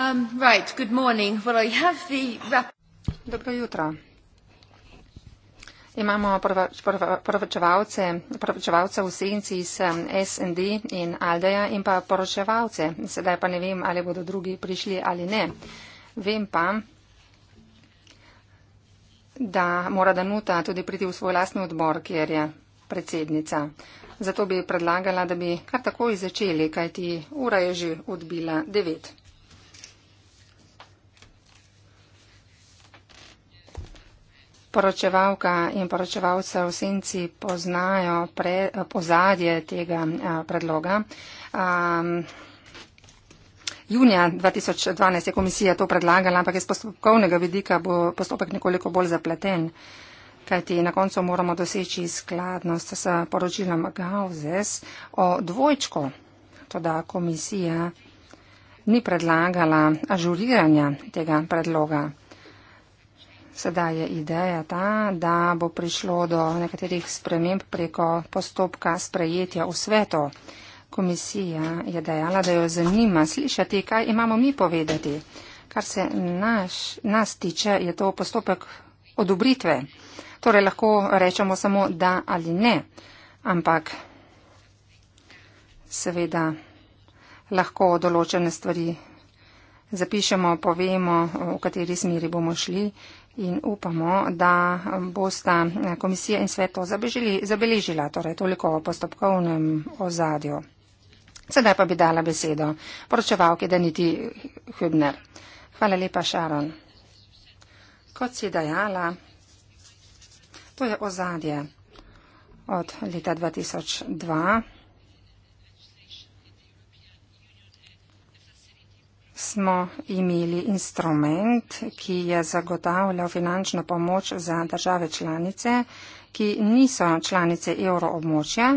Um, Dobro jutro. Imamo poročevalce, poročevalca v senci iz um, SND in Aldeja in pa poročevalce. Sedaj pa ne vem, ali bodo drugi prišli ali ne. Vem pa, da mora Danuta tudi priti v svoj lastni odbor, kjer je predsednica. Zato bi predlagala, da bi kar takoj začeli, kajti ura je že odbila devet. poročevalka in poročevalce v senci poznajo pre, pozadje tega predloga. Um, Junija 2012 je komisija to predlagala, ampak iz postopkovnega vidika bo postopek nekoliko bolj zapleten, kajti na koncu moramo doseči skladnost s poročilom Gauzes o dvojčko. Toda komisija ni predlagala ažuriranja tega predloga. Sedaj je ideja ta, da bo prišlo do nekaterih sprememb preko postopka sprejetja v svetu. Komisija je dejala, da jo zanima slišati, kaj imamo mi povedati. Kar se naš, nas tiče, je to postopek odobritve. Torej lahko rečemo samo da ali ne, ampak seveda lahko določene stvari zapišemo, povemo, v kateri smeri bomo šli in upamo, da bosta komisija in svet to zabeležila, torej toliko o postopkovnem ozadju. Sedaj pa bi dala besedo poročevalki Daniti Hübner. Hvala lepa, Šaron. Kot si dajala, to je ozadje od leta 2002. smo imeli instrument, ki je zagotavljal finančno pomoč za države članice, ki niso članice evroobmočja,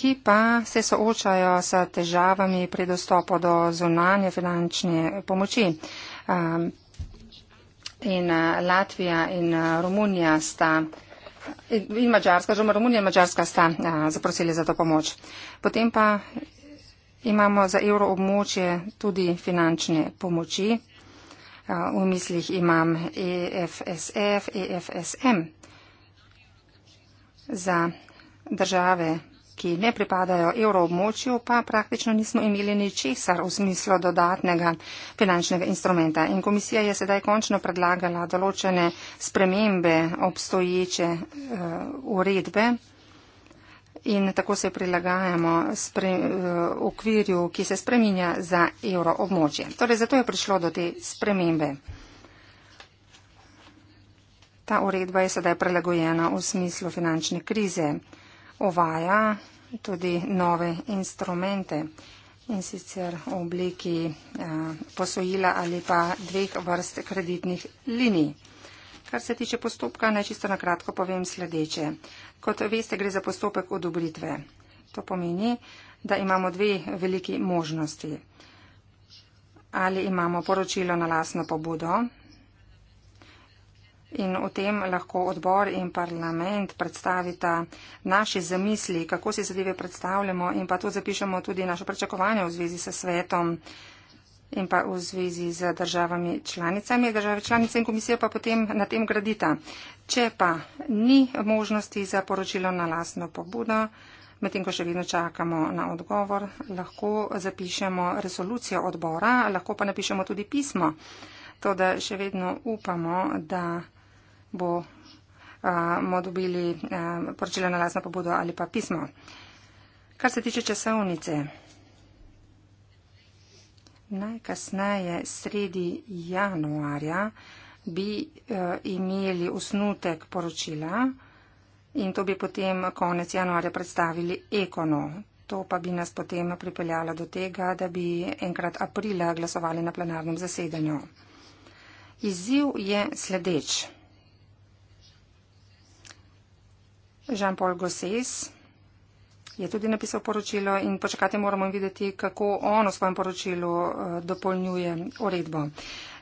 ki pa se soočajo s težavami pri dostopu do zunanje finančne pomoči. Um, in uh, Latvija in uh, Romunija sta. In Mačarska, že Romunija in Mačarska sta a, uh, zaprosili za to pomoč. Potem pa Imamo za evroobmočje tudi finančne pomoči. V mislih imam EFSF, EFSM. Za države, ki ne pripadajo evroobmočju, pa praktično nismo imeli ničesar v smislu dodatnega finančnega instrumenta. In komisija je sedaj končno predlagala določene spremembe obstoječe uh, uredbe in tako se prilagajamo spre, v eh, okvirju, ki se spreminja za evro območje. Torej, zato je prišlo do te spremembe. Ta uredba je sedaj prilagojena v smislu finančne krize. Ovaja tudi nove instrumente in sicer v obliki eh, posojila ali pa dveh vrst kreditnih linij. Kar se tiče postopka, naj čisto na kratko povem sledeče. Kot veste, gre za postopek odobritve. To pomeni, da imamo dve veliki možnosti. Ali imamo poročilo na lasno pobudo in v tem lahko odbor in parlament predstavita naše zamisli, kako si zadeve predstavljamo in pa tudi zapišemo tudi naše pričakovanja v zvezi s svetom in pa v zvezi z državami članicami. Države članice in komisija pa potem na tem gradita. Če pa ni možnosti za poročilo na lasno pobudo, medtem ko še vedno čakamo na odgovor, lahko zapišemo resolucijo odbora, lahko pa napišemo tudi pismo. To, da še vedno upamo, da bomo dobili poročilo na lasno pobudo ali pa pismo. Kar se tiče časovnice najkasneje sredi januarja bi eh, imeli osnutek poročila in to bi potem konec januarja predstavili ekono. To pa bi nas potem pripeljalo do tega, da bi enkrat aprila glasovali na plenarnem zasedanju. Izziv je sledeč. Jean-Paul Gosses, je tudi napisal poročilo in počakati moramo videti, kako on v svojem poročilu eh, dopolnjuje uredbo.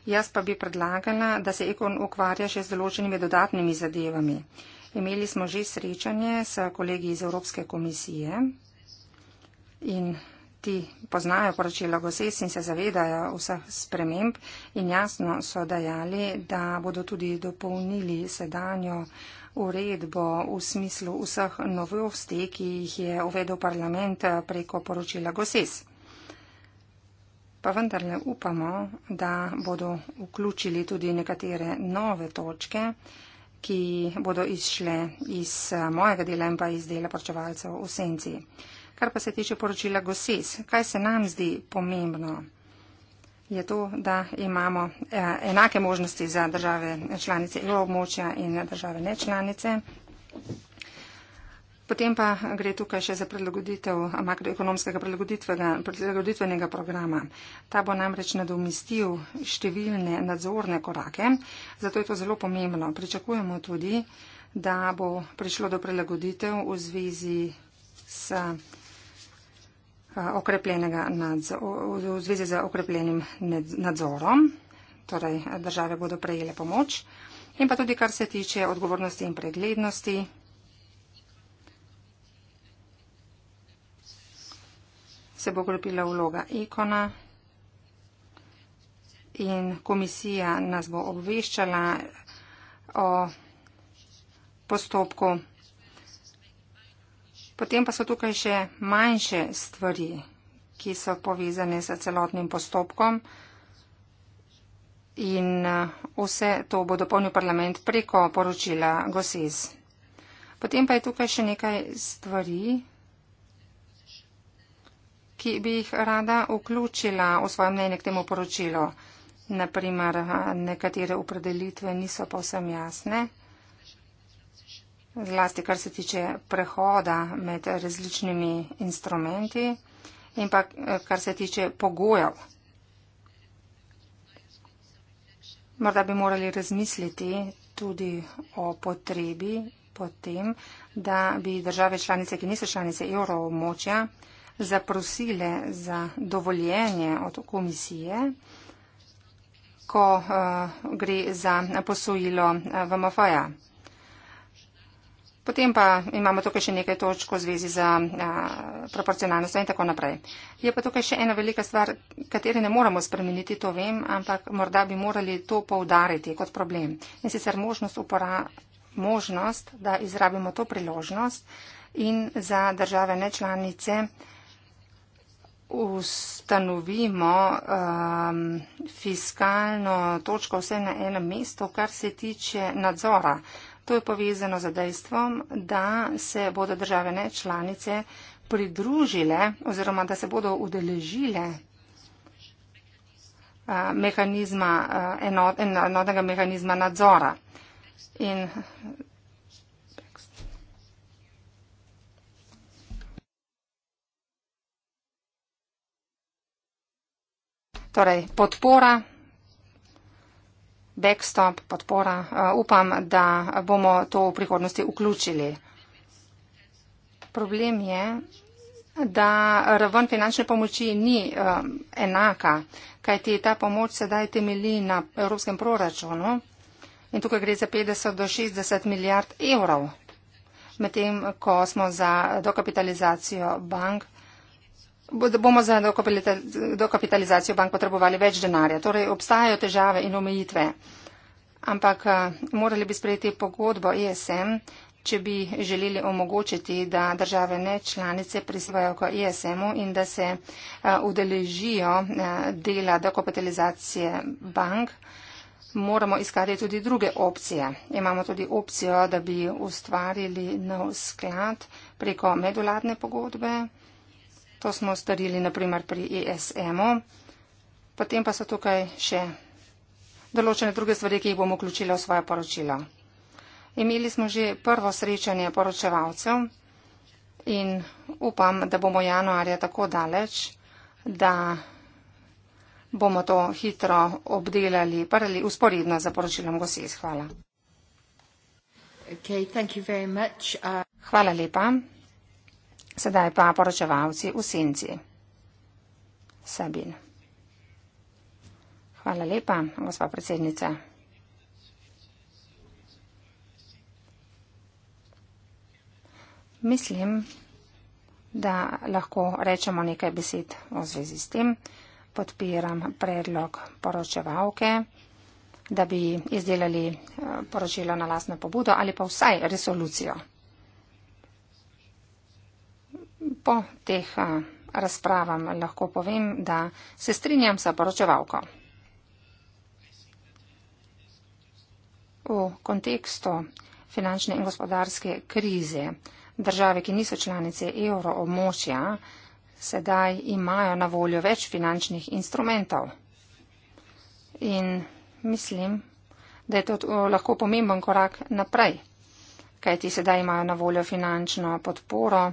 Jaz pa bi predlagala, da se Ekon ukvarja še z določenimi dodatnimi zadevami. Imeli smo že srečanje s kolegi iz Evropske komisije in ti poznajo poročilo GOSES in se zavedajo vseh sprememb in jasno so dajali, da bodo tudi dopolnili sedanjo uh, uredbo v smislu vseh novosti, ki jih je uvedel parlament eh, preko poročila GOSES. Pa vendarle upamo, da bodo vključili tudi nekatere nove točke, ki bodo izšle iz eh, mojega dela in pa iz dela porčevalcev v senci. Kar pa se tiče poročila GOSES, kaj se nam zdi pomembno? je to, da imamo eh, enake možnosti za države članice evroobmočja in države nečlanice. Potem pa gre tukaj še za prilagoditev makroekonomskega prilagoditvenega programa. Ta bo namreč nadomestil številne nadzorne korake, zato je to zelo pomembno. Pričakujemo tudi, da bo prišlo do prilagoditev v zvezi s Eh, okrepljenega nadzora, v zvezi z okrepljenim nadzorom, torej države bodo prejele pomoč in pa tudi kar se tiče odgovornosti in preglednosti. se bo okrepila vloga ikona in komisija nas bo obveščala o postopku Potem pa so tukaj še manjše stvari, ki so povezane s celotnim postopkom in eh, vse to bo dopolnil parlament preko poročila GOSES. Potem pa je tukaj še nekaj stvari, ki bi jih rada vključila v svoje mnenje k temu poročilu. Naprimer, eh, nekatere upredelitve niso povsem jasne zlasti kar se tiče prehoda med različnimi instrumenti in pa eh, kar se tiče pogojev. Morda bi morali razmisliti tudi o potrebi potem, da bi države članice, ki niso članice evroobmočja, zaprosile za dovoljenje od komisije, ko uh, gre za posojilo eh, VMF-ja. Potem pa imamo tukaj še nekaj točk v zvezi z proporcionalnostjo in tako naprej. Je pa tukaj še ena velika stvar, kateri ne moramo spremeniti, to vem, ampak morda bi morali to poudariti kot problem. In sicer možnost uporabiti možnost, da izrabimo to priložnost in za države nečlanice ustanovimo um, fiskalno točko vse na enem mestu, kar se tiče nadzora. Uh, To je povezano z dejstvom, da se bodo države ne članice pridružile oziroma da se bodo udeležile mehanizma, enot, enotnega mehanizma nadzora. In torej podpora backstop, podpora. Eh, upam, da bomo to v prihodnosti vključili. Problem je, da raven finančne pomoči ni eh, enaka, kajti ta pomoč sedaj temeli na evropskem proračunu in tukaj gre za 50 do 60 milijard evrov, medtem ko smo za dokapitalizacijo bank bomo za dokapitalizacijo bank potrebovali več denarja. Torej obstajajo težave in omejitve. Ampak eh, morali bi sprejeti pogodbo ESM, če bi želeli omogočiti, da države ne članice prisvajo k ESM-u in da se eh, udeležijo eh, dela dokapitalizacije bank. Moramo iskati tudi druge opcije. Imamo tudi opcijo, da bi ustvarili nov sklad preko medvladne pogodbe. To smo storili naprimer pri ESM-u. Potem pa so tukaj še določene druge stvari, ki jih bom vključila v svoje poročilo. Imeli smo že prvo srečanje poročevalcev in upam, da bomo januarja tako daleč, da bomo to hitro obdelali, prali usporedno za poročilom Gosis. Hvala. Okay, thank you very much. Uh... Hvala lepa. Sedaj pa poročevalci v senci. Sabin. Hvala lepa, gospa predsednica. Mislim, da lahko rečemo nekaj besed v zvezi s tem. Podpiram predlog poročevalke, da bi izdelali eh, poročilo na lastno pobudo ali pa vsaj resolucijo po teh razpravam lahko povem, da se strinjam sa poročevalko. V kontekstu finančne in gospodarske krize države, ki niso članice evro območja, sedaj imajo na voljo več finančnih instrumentov. In mislim, da je to lahko pomemben korak naprej, kajti sedaj imajo na voljo finančno podporo.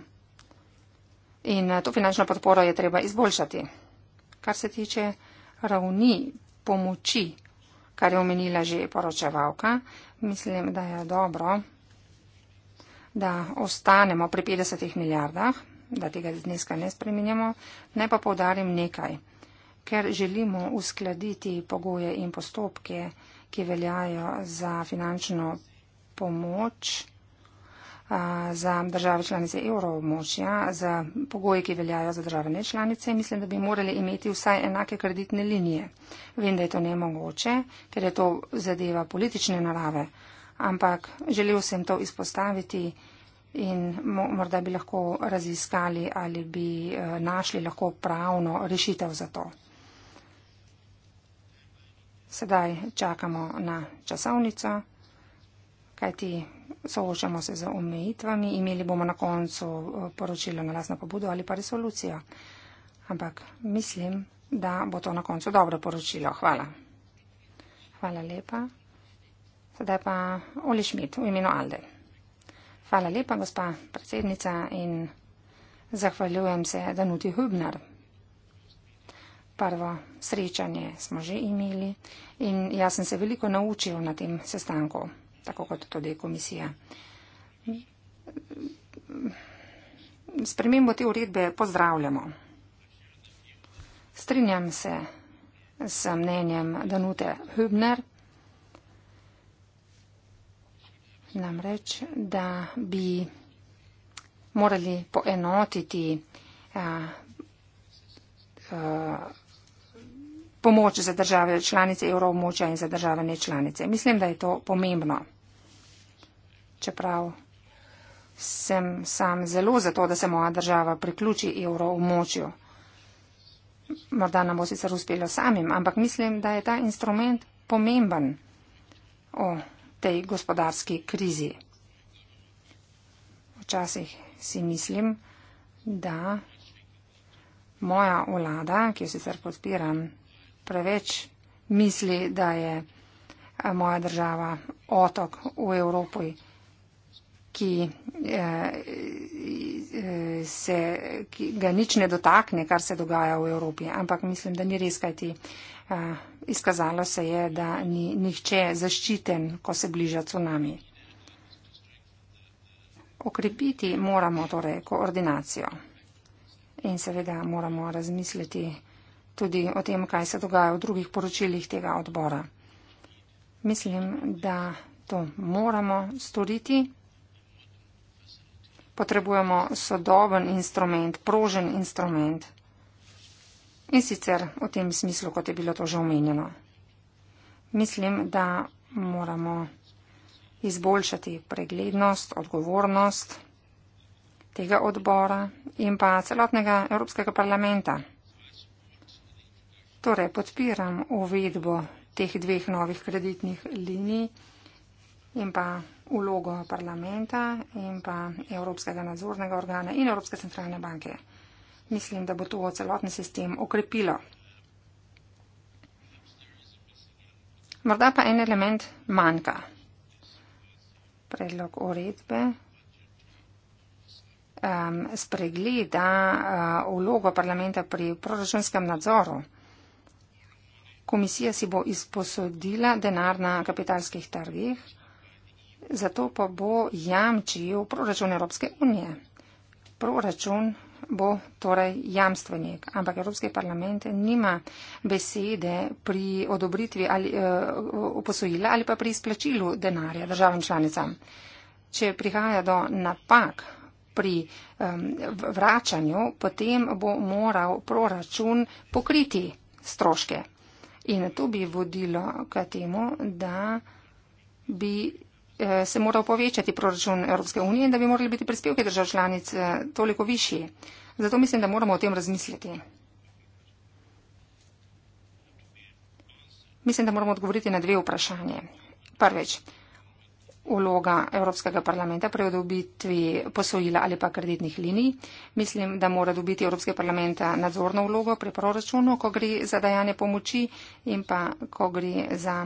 In eh, to finančno podporo je treba izboljšati. Kar se tiče ravni pomoči, kar je omenila že poročevalka, mislim, da je dobro, da ostanemo pri 50 milijardah, da tega zneska ne spreminjamo. Ne pa povdarim nekaj, ker želimo uskladiti pogoje in postopke, ki veljajo za finančno pomoč za države članice evroobmočja, za pogoje, ki veljajo za države nečlanice, mislim, da bi morali imeti vsaj enake kreditne linije. Vem, da je to nemogoče, ker je to zadeva politične narave, ampak želel sem to izpostaviti in morda bi lahko raziskali ali bi e, našli lahko pravno rešitev za to. Sedaj čakamo na časovnico, kajti soočamo se z omejitvami, imeli bomo na koncu eh, poročilo na lasno pobudo ali pa resolucijo. Ampak mislim, da bo to na koncu dobro poročilo. Hvala. Hvala lepa. Sedaj pa Oli Šmit v imenu Alde. Hvala lepa, gospa predsednica, in zahvaljujem se Danuti Hübner. Prvo srečanje smo že imeli in jaz sem se veliko naučil na tem sestanku tako kot to deje komisija. Spremembo te uredbe pozdravljamo. Strinjam se s mnenjem Danute Hübner, namreč, da bi morali poenotiti a, a, pomoč za države članice evrov območja in za države nečlanice. Mislim, da je to pomembno čeprav sem sam zelo za to, da se moja država priključi evroomočju. Morda nam bo sicer uspelo samim, ampak mislim, da je ta instrument pomemben o tej gospodarski krizi. Včasih si mislim, da moja vlada, ki jo sicer podpiram, preveč misli, da je moja država otok v Evropi ki, eh, eh, se, ki ga nič ne dotakne, kar se dogaja v Evropi. Ampak mislim, da ni res, kaj ti eh, izkazalo se je, da ni nihče zaščiten, ko se bliža tsunami. Okrepiti moramo torej koordinacijo in seveda moramo razmisliti tudi o tem, kaj se dogaja v drugih poročilih tega odbora. Mislim, da to moramo storiti potrebujemo sodoben instrument, prožen instrument. In sicer v tem smislu, kot je bilo to že omenjeno. Mislim, da moramo izboljšati preglednost, odgovornost tega odbora in pa celotnega Evropskega parlamenta. Torej, podpiram uvedbo teh dveh novih kreditnih linij in pa vlogo parlamenta in pa Evropskega nadzornega organa in Evropske centralne banke. Mislim, da bo to celotni sistem okrepilo. Morda pa en element manjka. Predlog uredbe um, spregleda uh, vlogo parlamenta pri proračunskem nadzoru. Komisija si bo izposodila denar na kapitalskih trgih zato pa bo jamčil proračun Evropske unije. Proračun bo torej jamstvenik, ampak Evropski parlament nima besede pri odobritvi ali uh, posojila ali pa pri izplačilu denarja državam članicam. Če prihaja do napak pri um, vračanju, potem bo moral proračun pokriti stroške. In to bi vodilo k temu, da bi Eh, se moral povečati proračun Evropske unije in da bi morali biti prispevke držav članic eh, toliko višji. Zato mislim, da moramo o tem razmisliti. Mislim, da moramo odgovoriti na dve vprašanje. Prveč, uloga Evropskega parlamenta pri odobitvi posojila ali pa kreditnih linij. Mislim, da mora dobiti Evropske parlamenta nadzorno vlogo pri proračunu, ko gre za dajanje pomoči in pa ko gre za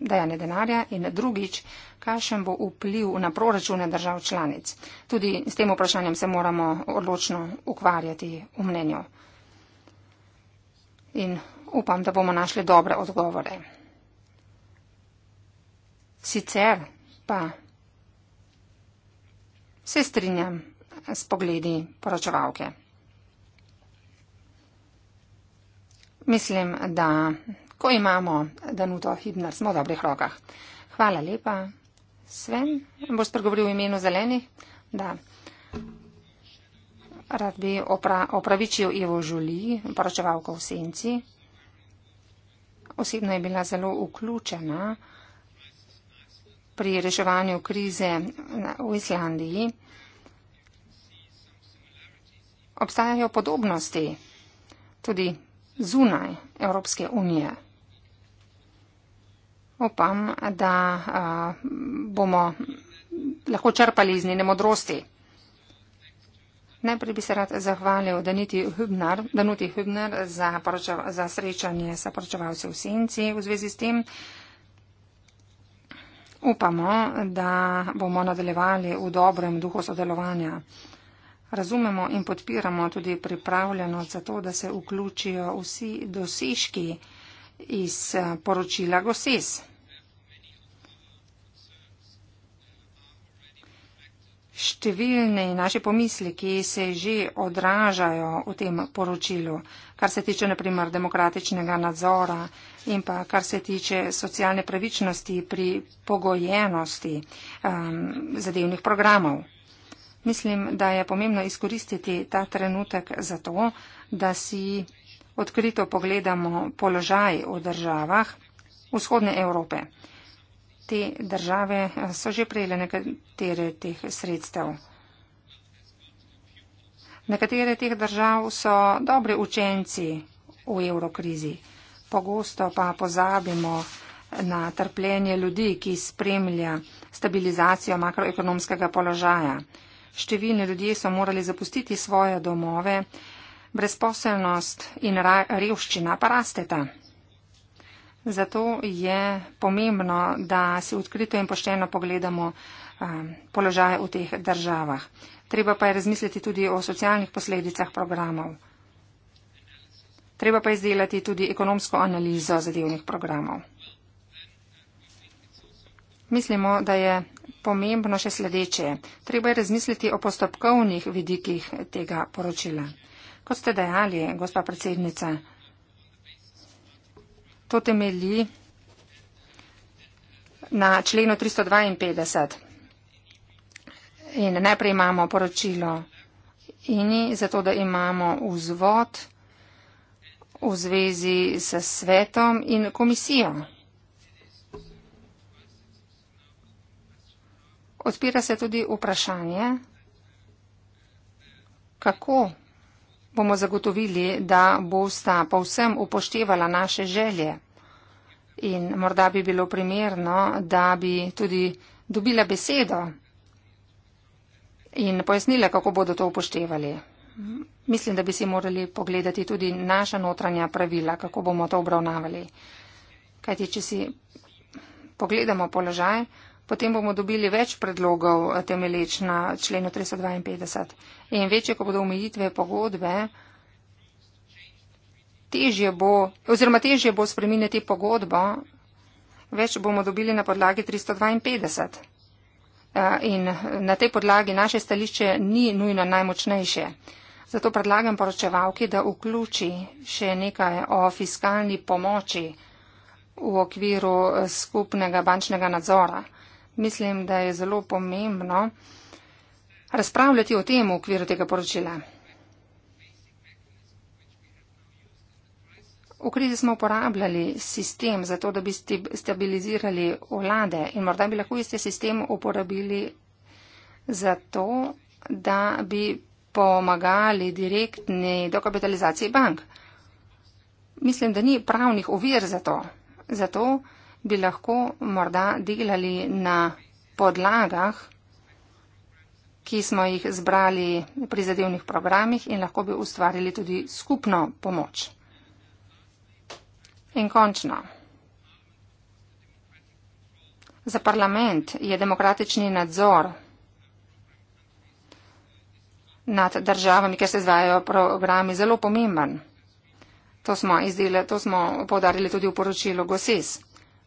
dajanje denarja in drugič, kakšen bo vpliv na proračune držav članic. Tudi s tem vprašanjem se moramo odločno ukvarjati v mnenju. In upam, da bomo našli dobre odgovore. Sicer pa se strinjam s pogledi poročevalke. Mislim, da ko imamo Danuto Hibner, smo v dobrih rokah. Hvala lepa. Sven, boš spregovoril v imenu zelenih? Da. Rad bi opra, opravičil Ivo Žuli, poročevalko v senci. Osebno je bila zelo vključena pri reševanju krize v Islandiji. Obstajajo podobnosti tudi zunaj Evropske unije. Upam, da uh, bomo lahko črpali iz njene modrosti. Najprej bi se rad zahvalil Daniti Hübner, Danuti Hübner za, za srečanje s poročevalci v senci v zvezi s tem. Upamo, da bomo nadaljevali v dobrem duhu sodelovanja. Razumemo in podpiramo tudi pripravljenost za to, da se vključijo vsi dosežki iz eh, poročila GOSES. Številni naši pomisliki se že odražajo v tem poročilu, kar se tiče naprimer demokratičnega nadzora in pa kar se tiče socialne pravičnosti pri pogojenosti um, zadevnih programov. Mislim, da je pomembno izkoristiti ta trenutek za to, da si odkrito pogledamo položaj v državah vzhodne Evrope. Te države so že prejele nekatere teh sredstev. Nekatere teh držav so dobri učenci v evrokrizi. Pogosto pa pozabimo na trpljenje ljudi, ki spremlja stabilizacijo makroekonomskega položaja. Številni ljudje so morali zapustiti svoje domove brezposelnost in revščina pa rasteta. Zato je pomembno, da si odkrito in pošteno pogledamo eh, položaje v teh državah. Treba pa je razmisliti tudi o socialnih posledicah programov. Treba pa je izdelati tudi ekonomsko analizo zadevnih programov. Mislimo, da je pomembno še sledeče. Treba je razmisliti o postopkovnih vidikih tega poročila. Kot ste dejali, gospa predsednica, to temelji na členu 352. In najprej imamo poročilo INI, zato da imamo vzvod v zvezi s svetom in komisijo. Odpira se tudi vprašanje, kako bomo zagotovili, da bosta povsem upoštevala naše želje. In morda bi bilo primerno, da bi tudi dobila besedo in pojasnila, kako bodo to upoštevali. Mislim, da bi si morali pogledati tudi naša notranja pravila, kako bomo to obravnavali. Kajti, če si pogledamo položaj, potem bomo dobili več predlogov eh, temeleč na členu 352. In večje, ko bodo omejitve pogodbe, težje bo, oziroma težje bo spreminjati pogodbo, več bomo dobili na podlagi 352. Eh, in eh, na tej podlagi naše stališče ni nujno najmočnejše. Zato predlagam poročevalki, da vključi še nekaj o fiskalni pomoči v okviru skupnega bančnega nadzora mislim, da je zelo pomembno razpravljati o tem v okviru tega poročila. V krizi smo uporabljali sistem za to, da bi stabilizirali vlade in morda bi lahko iste sistem uporabili za to, da bi pomagali direktni dokapitalizaciji bank. Mislim, da ni pravnih ovir za to. Zato bi lahko morda delali na podlagah, ki smo jih zbrali pri zadevnih programih in lahko bi ustvarili tudi skupno pomoč. In končno. Za parlament je demokratični nadzor nad državami, kjer se izvajajo programi, zelo pomemben. To smo, izdele, to smo podarili tudi v poročilu GOSIS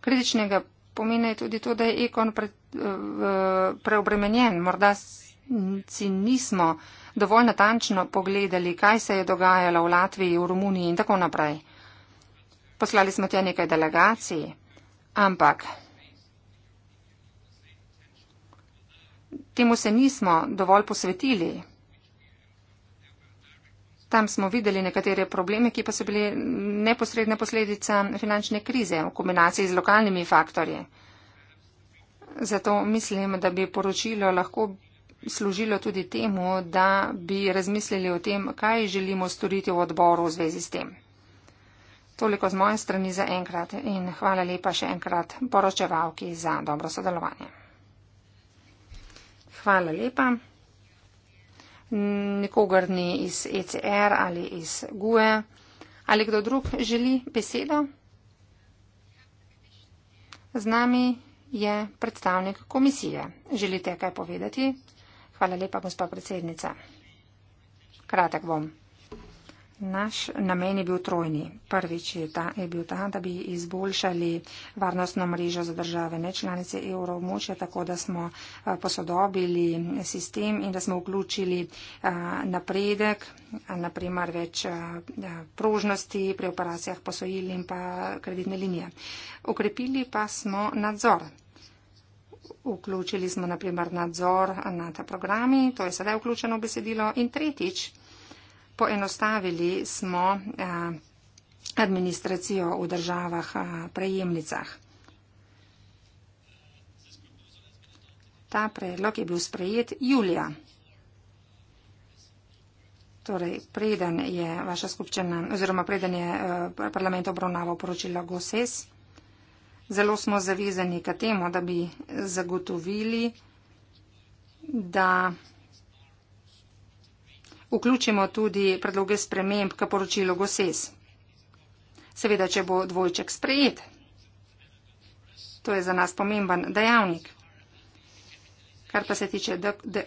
kritičnega pomena je tudi to, da je ekon pre, eh, preobremenjen. Morda si nismo dovolj natančno pogledali, kaj se je dogajalo v Latviji, v Romuniji in tako naprej. Poslali smo tja nekaj delegacij, ampak temu se nismo dovolj posvetili. Tam smo videli nekatere probleme, ki pa so bili neposredna posledica finančne krize v kombinaciji z lokalnimi faktorji. Zato mislim, da bi poročilo lahko služilo tudi temu, da bi razmislili o tem, kaj želimo storiti v odboru v zvezi s tem. Toliko z moje strani za enkrat in hvala lepa še enkrat poročevalki za dobro sodelovanje. Hvala lepa nikogar ni iz ECR ali iz GUE. Ali kdo drug želi besedo? Z nami je predstavnik komisije. Želite kaj povedati? Hvala lepa, gospod predsednica. Kratek bom. Naš namen je bil trojni. Prvič je, ta, je bil ta, da bi izboljšali varnostno mrežo za države nečlanice evroobmočja, tako da smo posodobili sistem in da smo vključili napredek, naprimer več prožnosti pri operacijah posojil in pa kreditne linije. Okrepili pa smo nadzor. Vključili smo naprimer nadzor nad programi, to je sedaj vključeno besedilo. In tretjič, poenostavili smo eh, administracijo v državah eh, prejemnicah. Ta predlog je bil sprejet julija. Torej, preden je vaša skupščina oziroma preden je eh, parlament obravnaval poročilo GOSES, zelo smo zavezani k temu, da bi zagotovili, da vključimo tudi predloge sprememb k poročilu GOSES. Seveda, če bo dvojček sprejet. To je za nas pomemben dejavnik. Kar pa se tiče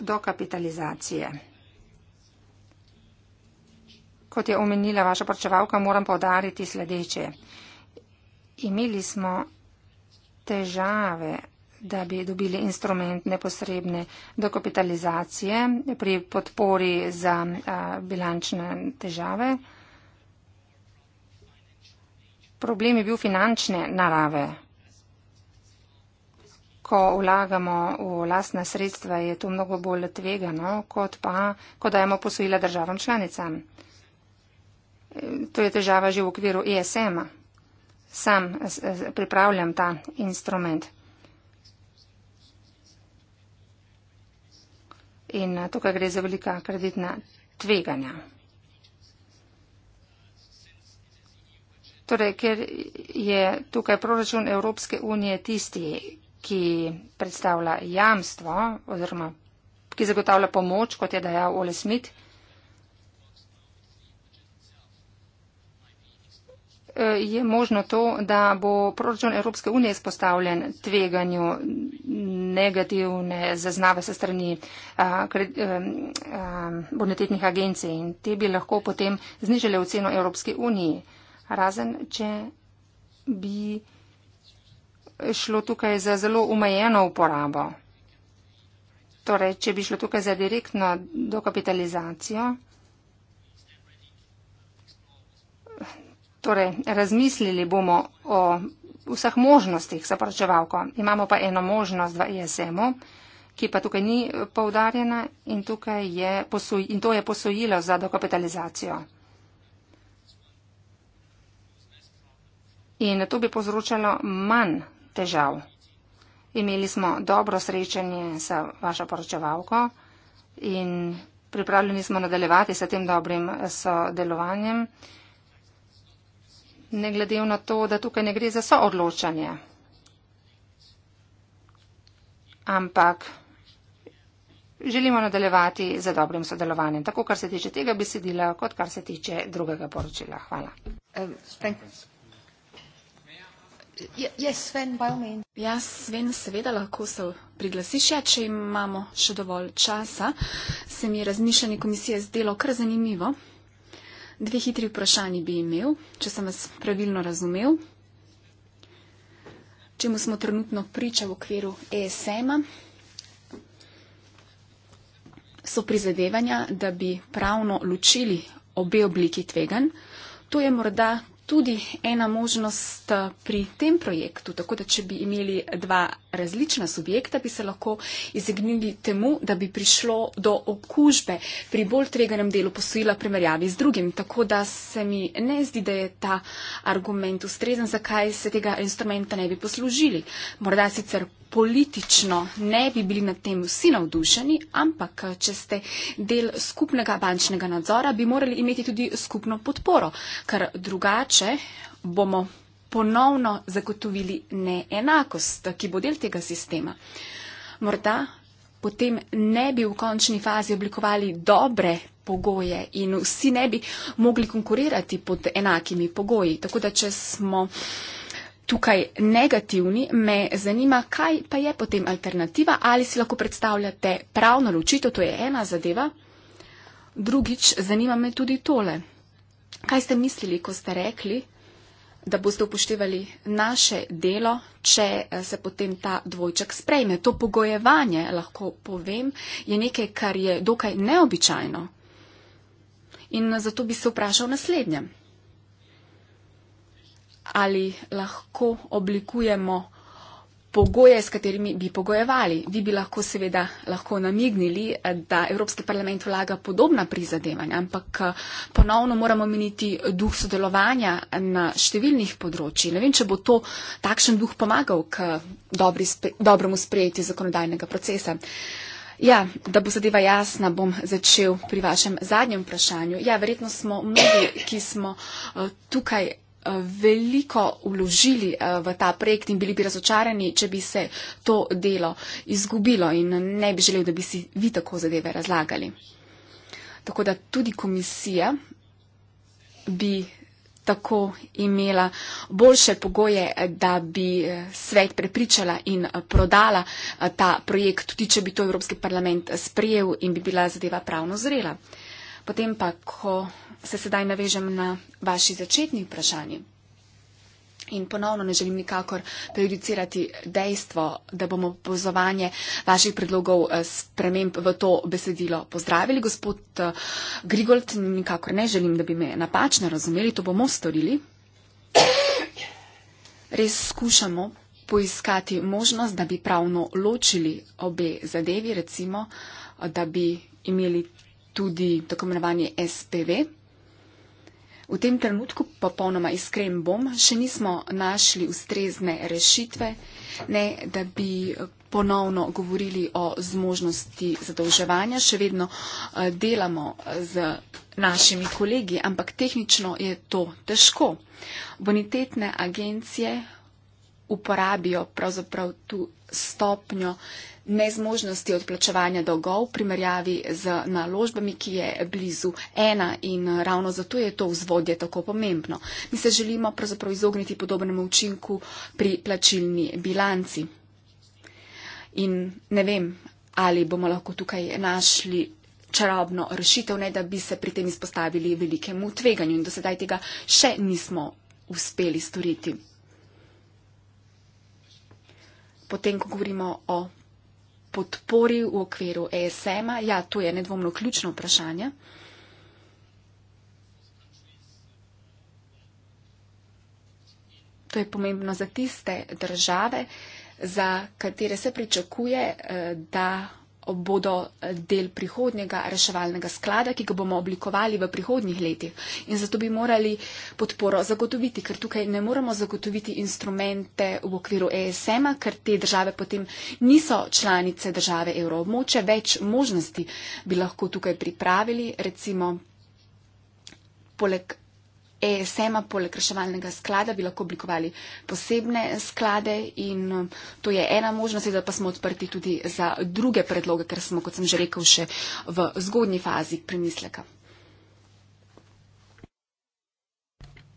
dokapitalizacije. Kot je omenila vaša pročevalka, moram podariti sledeče. Imeli smo težave, da bi dobili instrument neposredne dokapitalizacije pri podpori za bilančne težave. Problem je bil finančne narave. Ko vlagamo v lastna sredstva, je to mnogo bolj tvegano, kot pa, ko dajemo posojila državam članicam. To je težava že v okviru ESM. Sam pripravljam ta instrument. in eh, tukaj gre za velika kreditna tveganja. Torej, ker je tukaj proračun Evropske unije tisti, ki predstavlja jamstvo oziroma ki zagotavlja pomoč, kot je dejal Ole Smith, Eh, je možno to, da bo proračun Evropske unije izpostavljen tveganju negativne zaznave se strani eh, eh, bonitetnih agencij in te bi lahko potem znižile oceno Evropske unije, razen če bi šlo tukaj za zelo umajeno uporabo. Torej, če bi šlo tukaj za direktno dokapitalizacijo. Torej, razmislili bomo o vseh možnostih za poročevalko. Imamo pa eno možnost v ISM-u, e ki pa tukaj ni poudarjena in, tukaj je posoj, in to je posojilo za dokapitalizacijo. In to bi povzročalo manj težav. Imeli smo dobro srečanje s vašo poročevalko in pripravljeni smo nadaljevati s tem dobrim sodelovanjem ne glede na to, da tukaj ne gre za soodločanje, ampak želimo nadaljevati za dobrim sodelovanjem, tako kar se tiče tega besedila, kot kar se tiče drugega poročila. Hvala. Um, ja, ja, Sven, seveda lahko se priglasiš, ja, če imamo še dovolj časa. Se mi je razmišljanje komisije zdelo kar zanimivo. Dve hitri vprašanji bi imel, če sem vas pravilno razumel. Čemu smo trenutno priča v okviru ESM-a? So prizadevanja, da bi pravno ločili obe obliki tvegan. To je morda tudi ena možnost eh, pri tem projektu, tako da če bi imeli dva različna subjekta, bi se lahko izognili temu, da bi prišlo do okužbe pri bolj treganem delu posojila primerjavi z drugim. Tako da se mi ne zdi, da je ta argument ustrezen, zakaj se tega instrumenta ne bi poslužili. Morda sicer politično ne bi bili na tem vsi navdušeni, ampak eh, če ste del skupnega bančnega nadzora, bi morali imeti tudi skupno podporo, ker drugače drugače, bomo ponovno zagotovili neenakost, ki bo del tega sistema. Morda potem ne bi v končni fazi oblikovali dobre pogoje in vsi ne bi mogli konkurirati pod enakimi pogoji. Tako da, če smo tukaj negativni, me zanima, kaj pa je potem alternativa, ali si lahko predstavljate pravno ločitev, to je ena zadeva. Drugič, zanima me tudi tole. Kaj ste mislili, ko ste rekli, da boste upoštevali naše delo, če eh, se potem ta dvojček sprejme? To pogojevanje, lahko povem, je nekaj, kar je dokaj neobičajno. In zato bi se vprašal naslednjem. Ali lahko oblikujemo pogoje, s katerimi bi pogojevali. Vi bi lahko seveda lahko namignili, da Evropski parlament vlaga podobna prizadevanja, ampak ponovno moramo meniti duh sodelovanja na številnih področjih. Ne vem, če bo to takšen duh pomagal k dobri, dobremu sprejeti zakonodajnega procesa. Ja, da bo zadeva jasna, bom začel pri vašem zadnjem vprašanju. Ja, verjetno smo mnogi, ki smo eh, tukaj veliko vložili eh, v ta projekt in bili bi razočarani, če bi se to delo izgubilo in ne bi želel, da bi si vi tako zadeve razlagali. Tako da tudi komisija bi tako imela boljše pogoje, da bi eh, svet prepričala in eh, prodala ta projekt, tudi če bi to Evropski parlament sprejel in bi bila zadeva pravno zrela. Potem pa, ko se sedaj navežem na vaši začetni vprašanji. In ponovno ne želim nikakor prejudicirati dejstvo, da bomo pozovanje vaših predlogov eh, sprememb v to besedilo pozdravili. Gospod eh, Grigolt, nikakor ne želim, da bi me napačno razumeli, to bomo storili. Res skušamo poiskati možnost, da bi pravno ločili obe zadevi, recimo, da bi imeli tudi tako imenovanje SPV V tem trenutku popolnoma iskren bom, še nismo našli ustrezne rešitve, ne da bi ponovno govorili o zmožnosti zadolževanja. Še vedno eh, delamo z našimi kolegi, ampak tehnično je to težko. Bonitetne agencije uporabijo pravzaprav tu stopnjo nezmožnosti odplačevanja dolgov v primerjavi z naložbami, ki je blizu ena in ravno zato je to vzvodje tako pomembno. Mi se želimo pravzaprav izogniti podobnemu učinku pri plačilni bilanci. In ne vem, ali bomo lahko tukaj našli čarobno rešitev, ne da bi se pri tem izpostavili velikemu tveganju in do sedaj tega še nismo uspeli storiti. Potem, ko govorimo o podpori v okviru ESM-a? Ja, to je nedvomno ključno vprašanje. To je pomembno za tiste države, za katere se pričakuje, eh, da bodo eh, del prihodnjega reševalnega sklada, ki ga bomo oblikovali v prihodnjih letih. In zato bi morali podporo zagotoviti, ker tukaj ne moremo zagotoviti instrumente v okviru ESM-a, ker te države potem niso članice države evroobmoče. Več možnosti bi lahko tukaj pripravili, recimo poleg ESM-a e poleg reševalnega sklada bi lahko oblikovali posebne sklade in um, to je ena možnost, da pa smo odprti tudi za druge predloge, ker smo, kot sem že rekel, še v zgodnji fazi premisleka.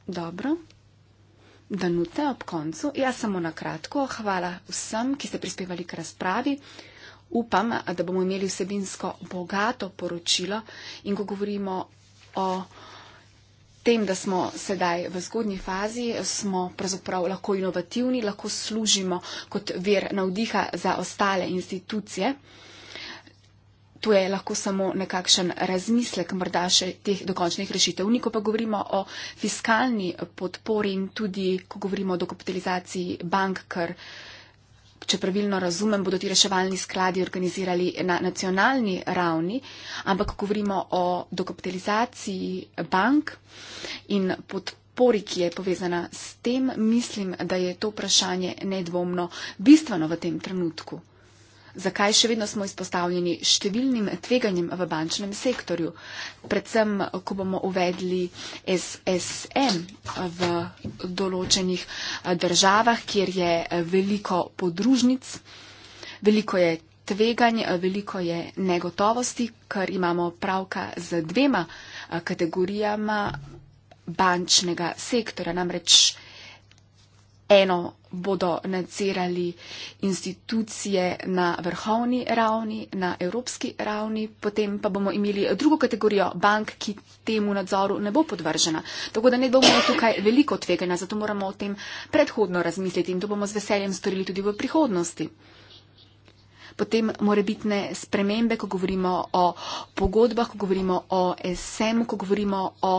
Dobro. Danute ob koncu. Jaz samo na kratko. Hvala vsem, ki ste prispevali k razpravi. Upam, da bomo imeli vsebinsko bogato poročilo in ko govorimo o tem, da smo sedaj v zgodnji fazi, smo pravzaprav lahko inovativni, lahko služimo kot ver navdiha za ostale institucije. To je lahko samo nekakšen razmislek, morda še teh dokončnih rešitev. Ni, ko pa govorimo o fiskalni podpori in tudi, ko govorimo o dokapitalizaciji bank, ker. Uh, če pravilno razumem, bodo ti reševalni skladi organizirali na nacionalni ravni, ampak govorimo o dokapitalizaciji bank in podporu. Ki je povezana s tem, mislim, da je to vprašanje nedvomno bistveno v tem trenutku zakaj še vedno smo izpostavljeni številnim tveganjem v bančnem sektorju, predvsem, ko bomo uvedli SSM v določenih eh, državah, kjer je eh, veliko podružnic, veliko je tveganj, eh, veliko je negotovosti, ker imamo pravka z dvema kategorijama bančnega sektora, namreč Eno bodo nadzirali institucije na vrhovni ravni, na evropski ravni, potem pa bomo imeli drugo kategorijo bank, ki temu nadzoru ne bo podvržena. Tako da ne bomo tukaj veliko tveganja, zato moramo o tem predhodno razmisliti in to bomo z veseljem storili tudi v prihodnosti potem morebitne spremembe, ko govorimo o pogodbah, ko govorimo o SM-u, ko govorimo o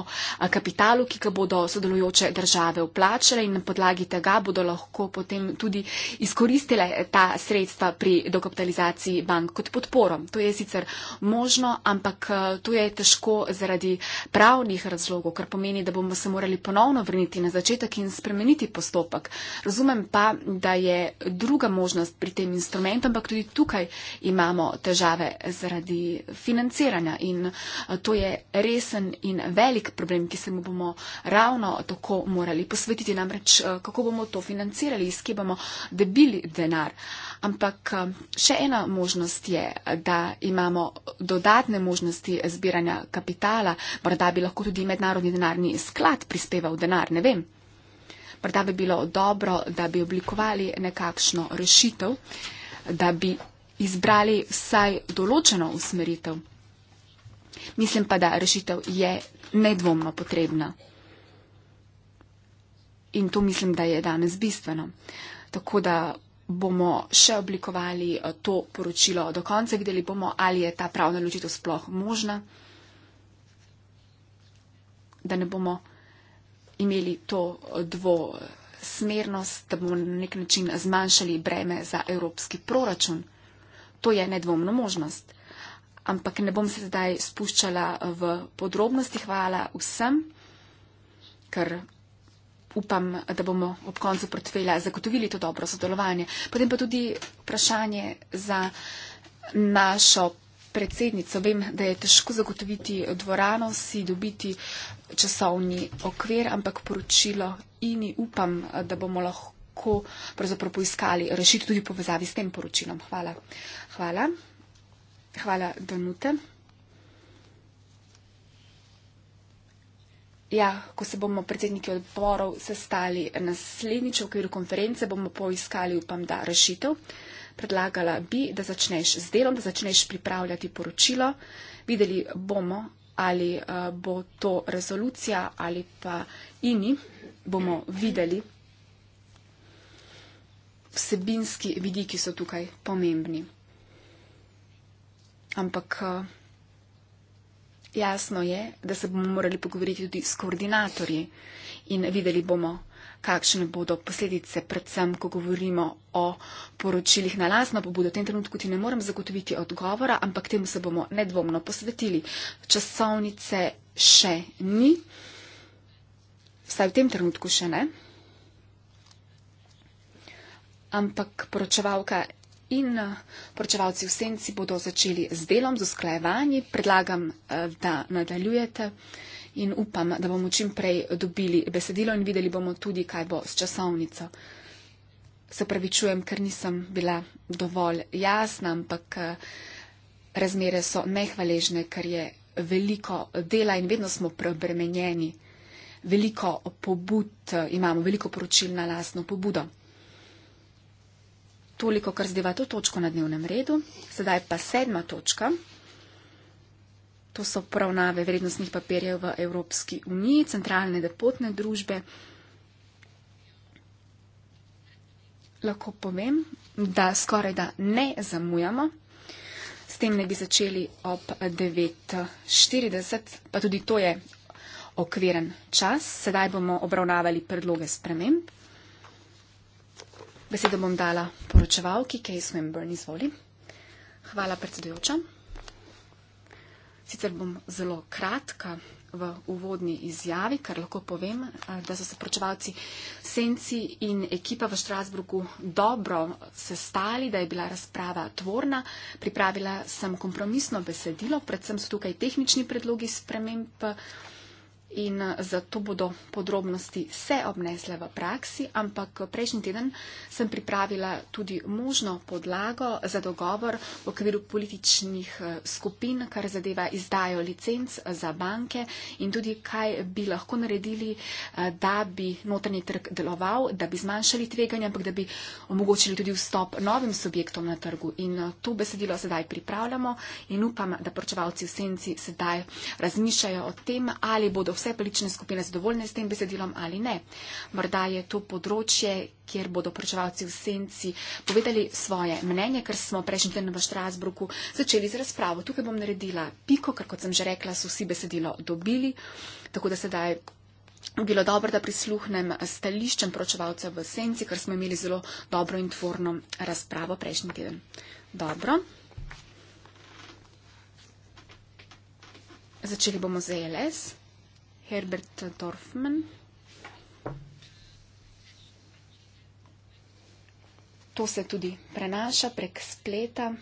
kapitalu, ki ga bodo sodelujoče države vplačale in na podlagi tega bodo lahko potem tudi izkoristile ta sredstva pri dokapitalizaciji bank kot podporo. To je sicer možno, ampak to je težko zaradi pravnih razlogov, kar pomeni, da bomo se morali ponovno vrniti na začetek in spremeniti postopek. Razumem pa, da je druga možnost pri tem instrumentu, ampak tudi tu tukaj imamo težave zaradi financiranja in eh, to je resen in velik problem, ki se mu bomo ravno tako morali posvetiti. Namreč, eh, kako bomo to financirali, iz kje bomo debili denar. Ampak eh, še ena možnost je, da imamo dodatne možnosti zbiranja kapitala, morda bi lahko tudi mednarodni denarni sklad prispeval denar, ne vem. Morda bi bilo dobro, da bi oblikovali nekakšno rešitev, da bi izbrali vsaj določeno usmeritev. Mislim pa, da rešitev je nedvomno potrebna. In to mislim, da je danes bistveno. Tako da bomo še oblikovali eh, to poročilo do konca, videli bomo, ali je ta pravna ločitev sploh možna, da ne bomo imeli to eh, dvosmernost, da bomo na nek način zmanjšali breme za evropski proračun. To je nedvomno možnost. Ampak ne bom se zdaj spuščala v podrobnosti. Hvala vsem, ker upam, da bomo ob koncu portfela zagotovili to dobro sodelovanje. Potem pa tudi vprašanje za našo predsednico. Vem, da je težko zagotoviti dvorano, si dobiti časovni okvir, ampak poročilo in upam, da bomo lahko pravzaprav poiskali rešitev tudi v povezavi s tem poročilom. Hvala hvala. Hvala, Danute. Ja, ko se bomo predsedniki odborov sestali naslednjič v okviru konference, bomo poiskali, upam, da rešitev. Predlagala bi, da začneš z delom, da začneš pripravljati poročilo. Videli bomo, ali uh, bo to rezolucija ali pa ini. Bomo videli. Vsebinski vidiki so tukaj pomembni ampak eh, jasno je, da se bomo morali pogovoriti tudi s koordinatorji in videli bomo, kakšne bodo posledice, predvsem, ko govorimo o poročilih na lasno pobudo. V tem trenutku ti ne morem zagotoviti odgovora, ampak temu se bomo nedvomno posvetili. Časovnice še ni, vsaj v tem trenutku še ne. Ampak poročevalka in eh, poročevalci v senci bodo začeli z delom, z usklajevanji. Predlagam, eh, da nadaljujete in upam, da bomo čim prej dobili besedilo in videli bomo tudi, kaj bo s časovnico. Se pravi, čujem, ker nisem bila dovolj jasna, ampak eh, razmere so nehvaležne, ker je veliko dela in vedno smo prebremenjeni. Veliko pobud imamo, veliko poročil na lasno pobudo toliko, kar zdaj to točko na dnevnem redu. Sedaj pa sedma točka. To so poravnave vrednostnih papirjev v Evropski uniji, centralne depotne družbe. Lahko povem, da skoraj da ne zamujamo. S tem ne bi začeli ob 9.40, pa tudi to je okviren čas. Sedaj bomo obravnavali predloge sprememb. Besedo bom dala poročevalki Kay Swinburne, izvoli. Hvala, predsedujoča. Sicer bom zelo kratka v uvodni izjavi, kar lahko povem, eh, da so se poročevalci Senci in ekipa v Štrasburgu dobro sestali, da je bila razprava tvorna. Pripravila sem kompromisno besedilo, predvsem so tukaj tehnični predlogi sprememb in eh, zato bodo podrobnosti se obnesle v praksi, ampak eh, prejšnji teden sem pripravila tudi možno podlago za dogovor v okviru političnih eh, skupin, kar zadeva izdajo licenc za banke in tudi kaj bi lahko naredili, da bi notranji trg deloval, da bi zmanjšali tveganja, ampak da bi omogočili tudi vstop novim subjektom na trgu. In to besedilo sedaj pripravljamo in upam, da pročevalci v senci sedaj razmišljajo o tem, ali bodo vse politične skupine zadovoljne s tem besedilom ali ne. Morda je to področje, kjer bodo pričevalci v senci povedali svoje mnenje, ker smo prejšnji teden v Štrasburku začeli z razpravo. Tukaj bom naredila piko, ker kot sem že rekla, so vsi besedilo dobili, tako da sedaj. Bilo dobro, da prisluhnem stališčem pročevalca v senci, ker smo imeli zelo dobro in tvorno razpravo prejšnji teden. Dobro. Začeli bomo z ELS. Herbert Dorfman. To se tudi prenaša prek spleta.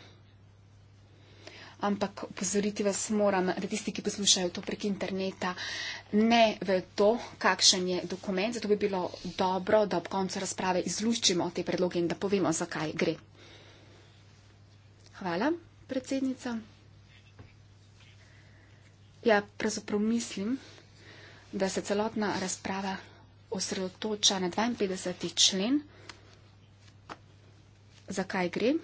Ampak opozoriti vas moram, da tisti, ki poslušajo to prek interneta, ne vedo, kakšen je dokument. Zato bi bilo dobro, da ob koncu razprave izluščimo te predloge in da povemo, zakaj gre. Hvala, predsednica. Ja, pravzaprav mislim da se celotna razprava osredotoča na 52. člen. Zakaj gre?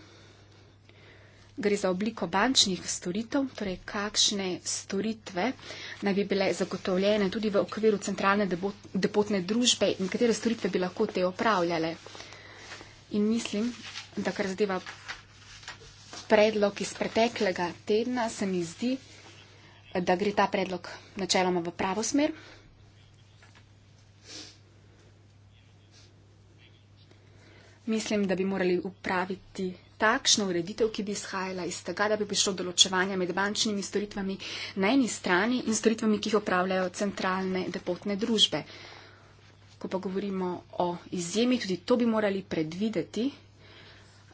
Gre za obliko bančnih storitev, torej kakšne storitve naj bi bile zagotovljene tudi v okviru centralne depotne družbe in katere storitve bi lahko te opravljale. In mislim, da kar zadeva predlog iz preteklega tedna, se mi zdi, da gre ta predlog načeloma v pravo smer. Mislim, da bi morali upraviti takšno ureditev, ki bi izhajala iz tega, da bi prišlo določevanje med bančnimi storitvami na eni strani in storitvami, ki jih opravljajo centralne depotne družbe. Ko pa govorimo o izjemi, tudi to bi morali predvideti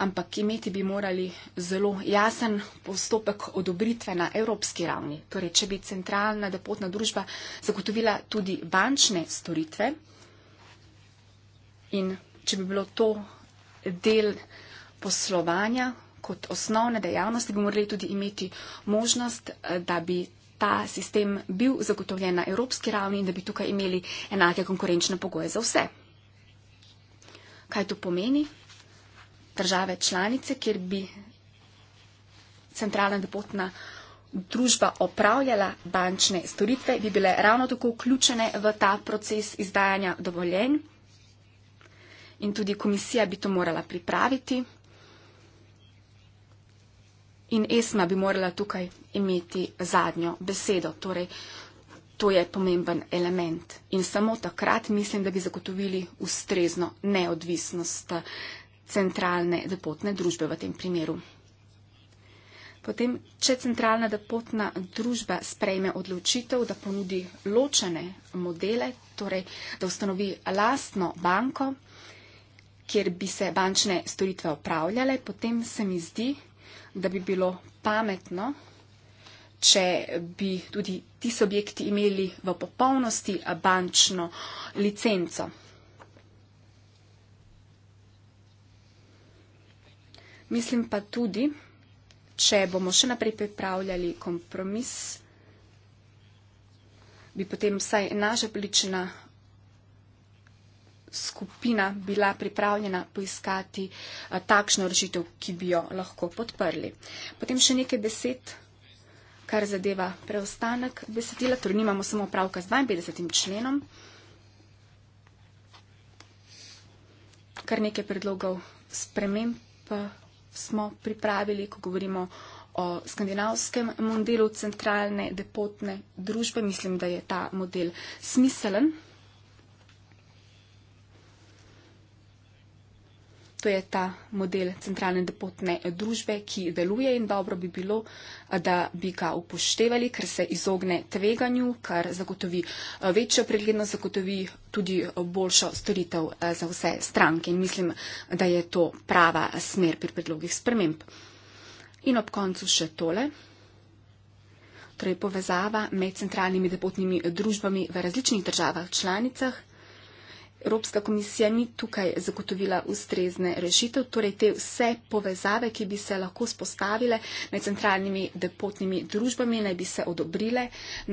ampak imeti bi morali zelo jasen postopek odobritve na evropski ravni. Torej, če bi centralna depotna družba zagotovila tudi bančne storitve in če bi bilo to del poslovanja kot osnovne dejavnosti, bi morali tudi imeti možnost, eh, da bi ta sistem bil zagotovljen na evropski ravni in da bi tukaj imeli enake konkurenčne pogoje za vse. Kaj to pomeni? države članice, kjer bi centralna depotna družba opravljala bančne storitve, bi bile ravno tako vključene v ta proces izdajanja dovoljenj in tudi komisija bi to morala pripraviti. In ESMA bi morala tukaj imeti zadnjo besedo. Torej, to je pomemben element. In samo takrat mislim, da bi zagotovili ustrezno neodvisnost centralne depotne družbe v tem primeru. Potem, če centralna depotna družba sprejme odločitev, da ponudi ločene modele, torej da ustanovi lastno banko, kjer bi se bančne storitve upravljale, potem se mi zdi, da bi bilo pametno, če bi tudi ti subjekti imeli v popolnosti bančno licenco. Mislim pa tudi, če bomo še naprej pripravljali kompromis, bi potem vsaj naša politična skupina bila pripravljena poiskati takšno rešitev, ki bi jo lahko podprli. Potem še nekaj besed, kar zadeva preostanek besedila, torej nimamo samo pravka z 52. členom. Kar nekaj predlogov sprememb smo pripravili, ko govorimo o skandinavskem modelu centralne depotne družbe. Mislim, da je ta model smiselen. To je ta model centralne depotne družbe, ki deluje in dobro bi bilo, da bi ga upoštevali, ker se izogne tveganju, kar zagotovi eh, večjo preglednost, zagotovi tudi boljšo storitev eh, za vse stranke. In mislim, da je to prava smer pri predlogih sprememb. In ob koncu še tole. Torej povezava med centralnimi depotnimi družbami v različnih državah članicah. Evropska komisija ni tukaj zagotovila ustrezne rešitev, torej te vse povezave, ki bi se lahko spostavile med centralnimi depotnimi družbami, naj bi se odobrile.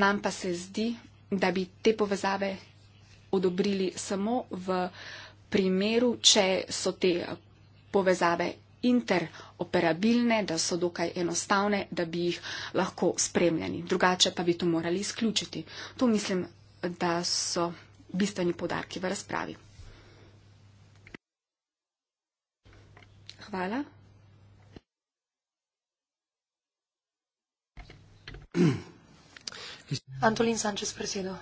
Nam pa se zdi, da bi te povezave odobrili samo v primeru, če so te povezave interoperabilne, da so dokaj enostavne, da bi jih lahko spremljali. Drugače pa bi to morali izključiti. To mislim, da so bistveni podarki v razpravi. Hvala. Antolin Sančes, predsedo.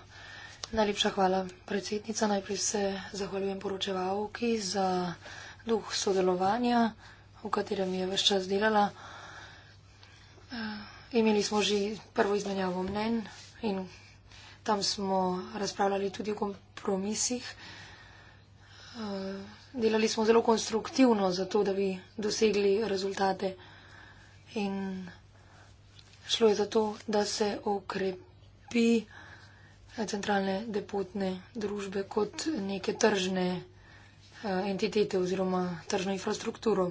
Najlepša hvala, predsednica. Najprej se zahvaljujem poročevalki za duh sodelovanja, v katerem je vse čas delala. Eh, imeli smo že prvo izmenjavo mnen in Tam smo razpravljali tudi o kompromisih. Eh, delali smo zelo konstruktivno za to, da bi dosegli rezultate. In šlo je za to, da se okrepi centralne depotne družbe kot neke tržne eh, entitete oziroma tržno infrastrukturo.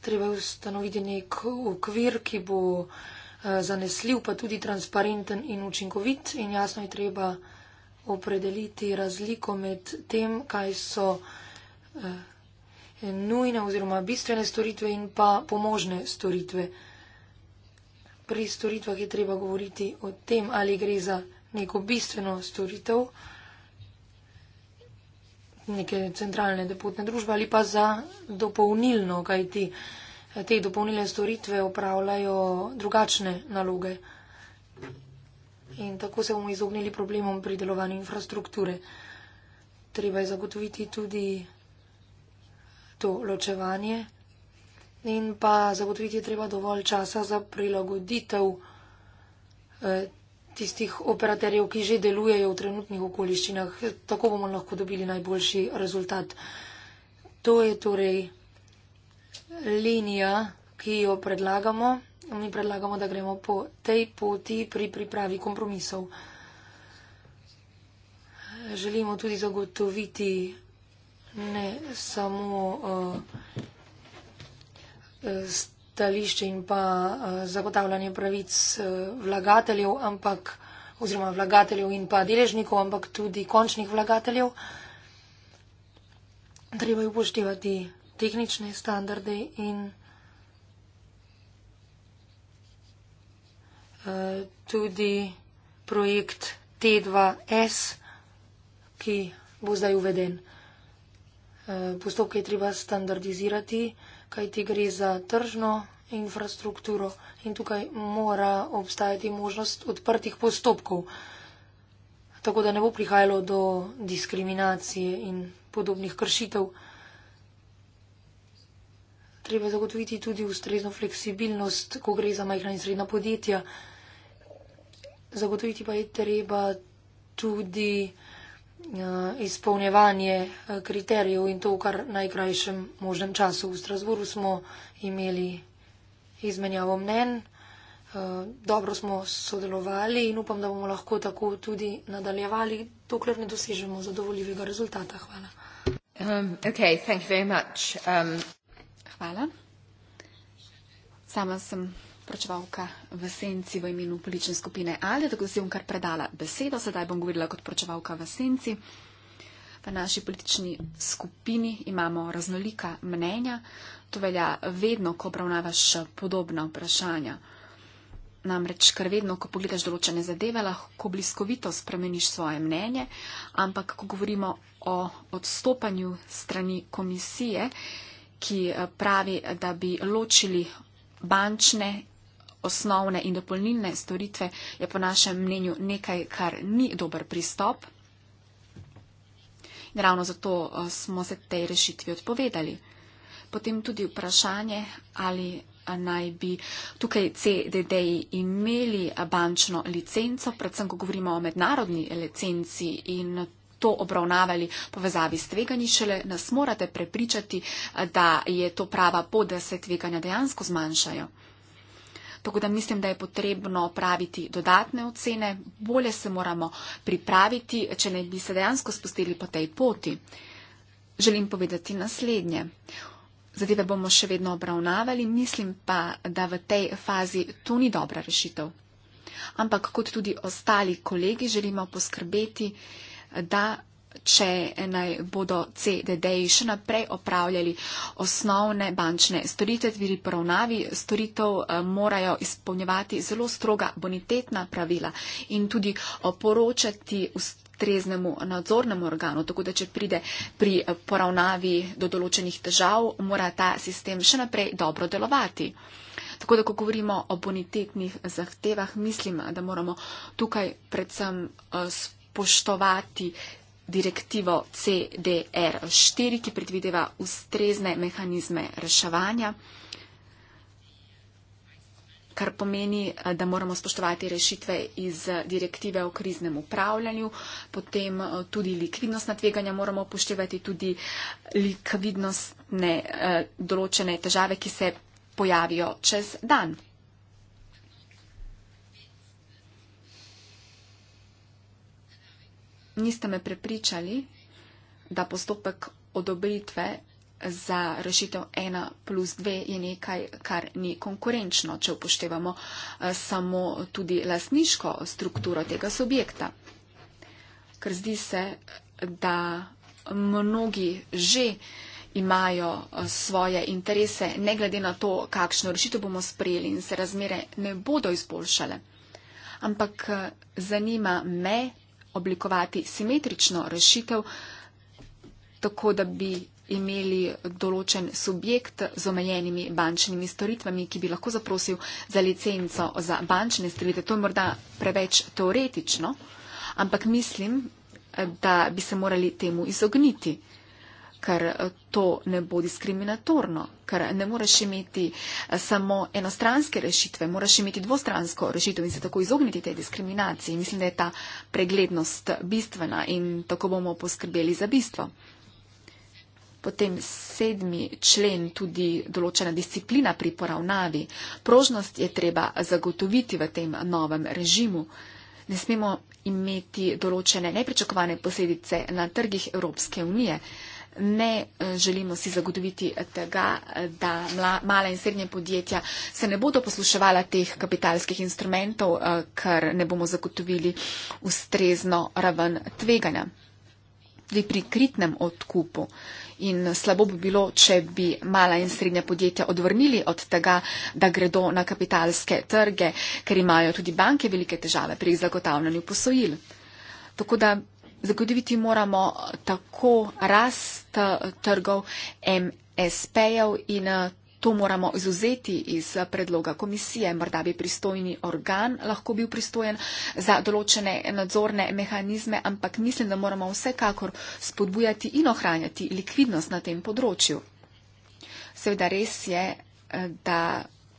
Treba je ustanoviti nek okvir, ki bo Eh, zanesljiv, pa tudi transparenten in učinkovit. In jasno je treba opredeliti razliko med tem, kaj so eh, nujne oziroma bistvene storitve in pa pomožne storitve. Pri storitvah je treba govoriti o tem, ali gre za neko bistveno storitev neke centralne depotne družbe ali pa za dopolnilno, kajti te dopolnile storitve opravljajo drugačne naloge. In tako se bomo izognili problemom pri delovanju infrastrukture. Treba je zagotoviti tudi to ločevanje in pa zagotoviti je treba dovolj časa za prilagoditev eh, tistih operaterjev, ki že delujejo v trenutnih okoliščinah. Tako bomo lahko dobili najboljši rezultat. To je torej linija, ki jo predlagamo. Mi predlagamo, da gremo po tej poti pri pripravi kompromisov. Želimo tudi zagotoviti ne samo uh, stališče in pa uh, zagotavljanje pravic uh, vlagateljev, ampak oziroma vlagateljev in pa deležnikov, ampak tudi končnih vlagateljev. Treba je upoštevati tehnične standarde in uh, tudi projekt T2S, ki bo zdaj uveden. Eh, postopke je treba standardizirati, kajti gre za tržno infrastrukturo in tukaj mora obstajati možnost odprtih postopkov, tako da ne bo prihajalo do diskriminacije in podobnih kršitev treba zagotoviti tudi ustrezno fleksibilnost, ko gre za majhna in srednja podjetja. Zagotoviti pa je treba tudi uh, izpolnjevanje eh, kriterijev in to v kar najkrajšem možnem času. V Strasburu smo imeli izmenjavo mnen, uh, dobro smo sodelovali in upam, da bomo lahko tako tudi nadaljevali, dokler ne dosežemo zadovoljivega rezultata. Hvala. Um, okay, thank you very much. Um... Hvala. Sama sem pročevalka v senci v imenu politične skupine Alde, tako da si bom kar predala besedo. Sedaj bom govorila kot pročevalka v senci. V naši politični skupini imamo raznolika mnenja. To velja vedno, ko obravnavaš podobna vprašanja. Namreč, ker vedno, ko pogledaš določene zadeve, lahko bliskovito spremeniš svoje mnenje, ampak ko govorimo o odstopanju strani komisije, ki eh, pravi, da bi ločili bančne osnovne in dopolnilne storitve, je po našem mnenju nekaj, kar ni dober pristop. In ravno zato eh, smo se tej rešitvi odpovedali. Potem tudi vprašanje, ali eh, naj bi tukaj CDD imeli bančno licenco, predvsem, ko govorimo o mednarodni licenci in to obravnavali povezavi s tveganji, šele nas morate prepričati, da je to prava pot, da se tveganja dejansko zmanjšajo. Tako da mislim, da je potrebno praviti dodatne ocene, bolje se moramo pripraviti, če ne bi se dejansko spustili po tej poti. Želim povedati naslednje. Zadeve bomo še vedno obravnavali, mislim pa, da v tej fazi to ni dobra rešitev. Ampak kot tudi ostali kolegi želimo poskrbeti, da če naj bodo CDD-ji še naprej opravljali osnovne bančne storitve, tudi poravnavi storitev, eh, morajo izpolnjevati zelo stroga bonitetna pravila in tudi oporočati treznemu nadzornemu organu, tako da če pride pri eh, poravnavi do določenih težav, mora ta sistem še naprej dobro delovati. Tako da, ko govorimo o bonitetnih zahtevah, mislim, da moramo tukaj predvsem spoštovati eh, spoštovati direktivo CDR4, ki predvideva ustrezne mehanizme reševanja, kar pomeni, da moramo spoštovati rešitve iz direktive o kriznem upravljanju, potem eh, tudi likvidnostna tveganja moramo upoštevati, tudi eh, likvidnostne eh, določene težave, ki se pojavijo čez dan. niste me prepričali, da postopek odobritve za rešitev 1 plus 2 je nekaj, kar ni konkurenčno, če upoštevamo eh, samo tudi lasniško strukturo tega subjekta. Ker zdi se, da mnogi že imajo eh, svoje interese, ne glede na to, kakšno rešitev bomo sprejeli in se razmere ne bodo izboljšale. Ampak eh, zanima me, oblikovati simetrično rešitev, tako da bi imeli določen subjekt z omejenimi bančnimi storitvami, ki bi lahko zaprosil za licenco za bančne storitve. To je morda preveč teoretično, ampak mislim, da bi se morali temu izogniti ker eh, to ne bo diskriminatorno, ker ne moreš imeti eh, samo enostranske rešitve, moraš imeti dvostransko rešitev in se tako izogniti tej diskriminaciji. Mislim, da je ta preglednost bistvena in tako bomo poskrbeli za bistvo. Potem sedmi člen, tudi določena disciplina pri poravnavi. Prožnost je treba zagotoviti v tem novem režimu. Ne smemo imeti določene nepričakovane posledice na trgih Evropske unije ne eh, želimo si zagotoviti tega, da mala in srednje podjetja se ne bodo posluševala teh kapitalskih instrumentov, eh, ker ne bomo zagotovili ustrezno raven tveganja. Tudi pri kritnem odkupu in slabo bi bilo, če bi mala in srednja podjetja odvrnili od tega, da gredo na kapitalske trge, ker imajo tudi banke velike težave pri zagotavljanju posojil. Tako da Zagotoviti moramo tako rast eh, trgov MSP-jev in eh, to moramo izuzeti iz eh, predloga komisije. Morda bi pristojni organ lahko bil pristojen za določene nadzorne mehanizme, ampak mislim, da moramo vsekakor spodbujati in ohranjati likvidnost na tem področju. Seveda res je, da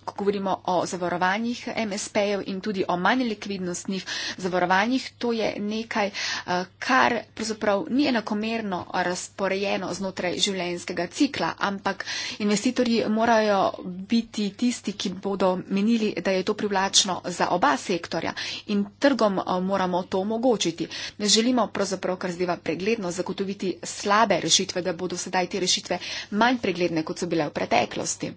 ko govorimo o zavarovanjih MSP-jev in tudi o manj likvidnostnih zavarovanjih, to je nekaj, eh, kar pravzaprav ni enakomerno razporejeno znotraj življenjskega cikla, ampak investitorji morajo biti tisti, ki bodo menili, da je to privlačno za oba sektorja in trgom eh, moramo to omogočiti. Ne želimo pravzaprav, kar zdeva pregledno, zagotoviti slabe rešitve, da bodo sedaj te rešitve manj pregledne, kot so bile v preteklosti.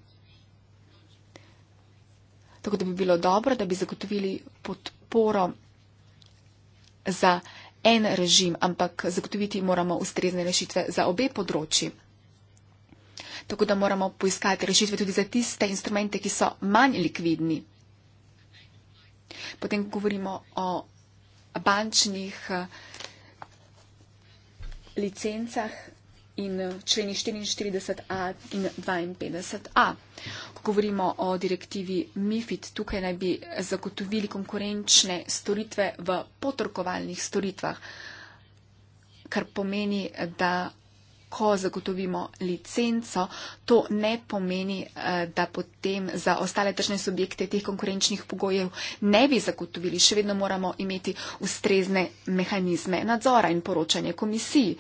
Tako da bi bilo dobro, da bi zagotovili podporo za en režim, ampak zagotoviti moramo ustrezne rešitve za obe področji. Tako da moramo poiskati rešitve tudi za tiste instrumente, ki so manj likvidni. Potem govorimo o bančnih eh, licencah in eh, členi 44a in 52a. Ko govorimo o direktivi MIFID, tukaj naj bi zagotovili konkurenčne storitve v potrkovalnih storitvah, kar pomeni, da ko zagotovimo licenco, to ne pomeni, eh, da potem za ostale tržne subjekte teh konkurenčnih pogojev ne bi zagotovili. Še vedno moramo imeti ustrezne mehanizme nadzora in poročanje komisiji.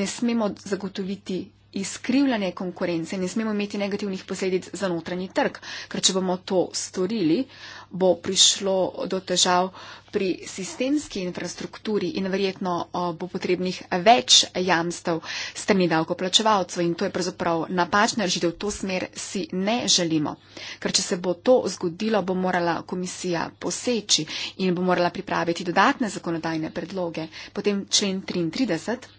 Ne smemo zagotoviti izkrivljanje konkurence, ne smemo imeti negativnih posledic za notranji trg, ker če bomo to storili, bo prišlo do težav pri sistemski infrastrukturi in verjetno bo potrebnih več jamstev strani davkoplačevalcev in to je pravzaprav napačna rešitev, to smer si ne želimo. Ker če se bo to zgodilo, bo morala komisija poseči in bo morala pripraviti dodatne zakonodajne predloge. Potem člen 33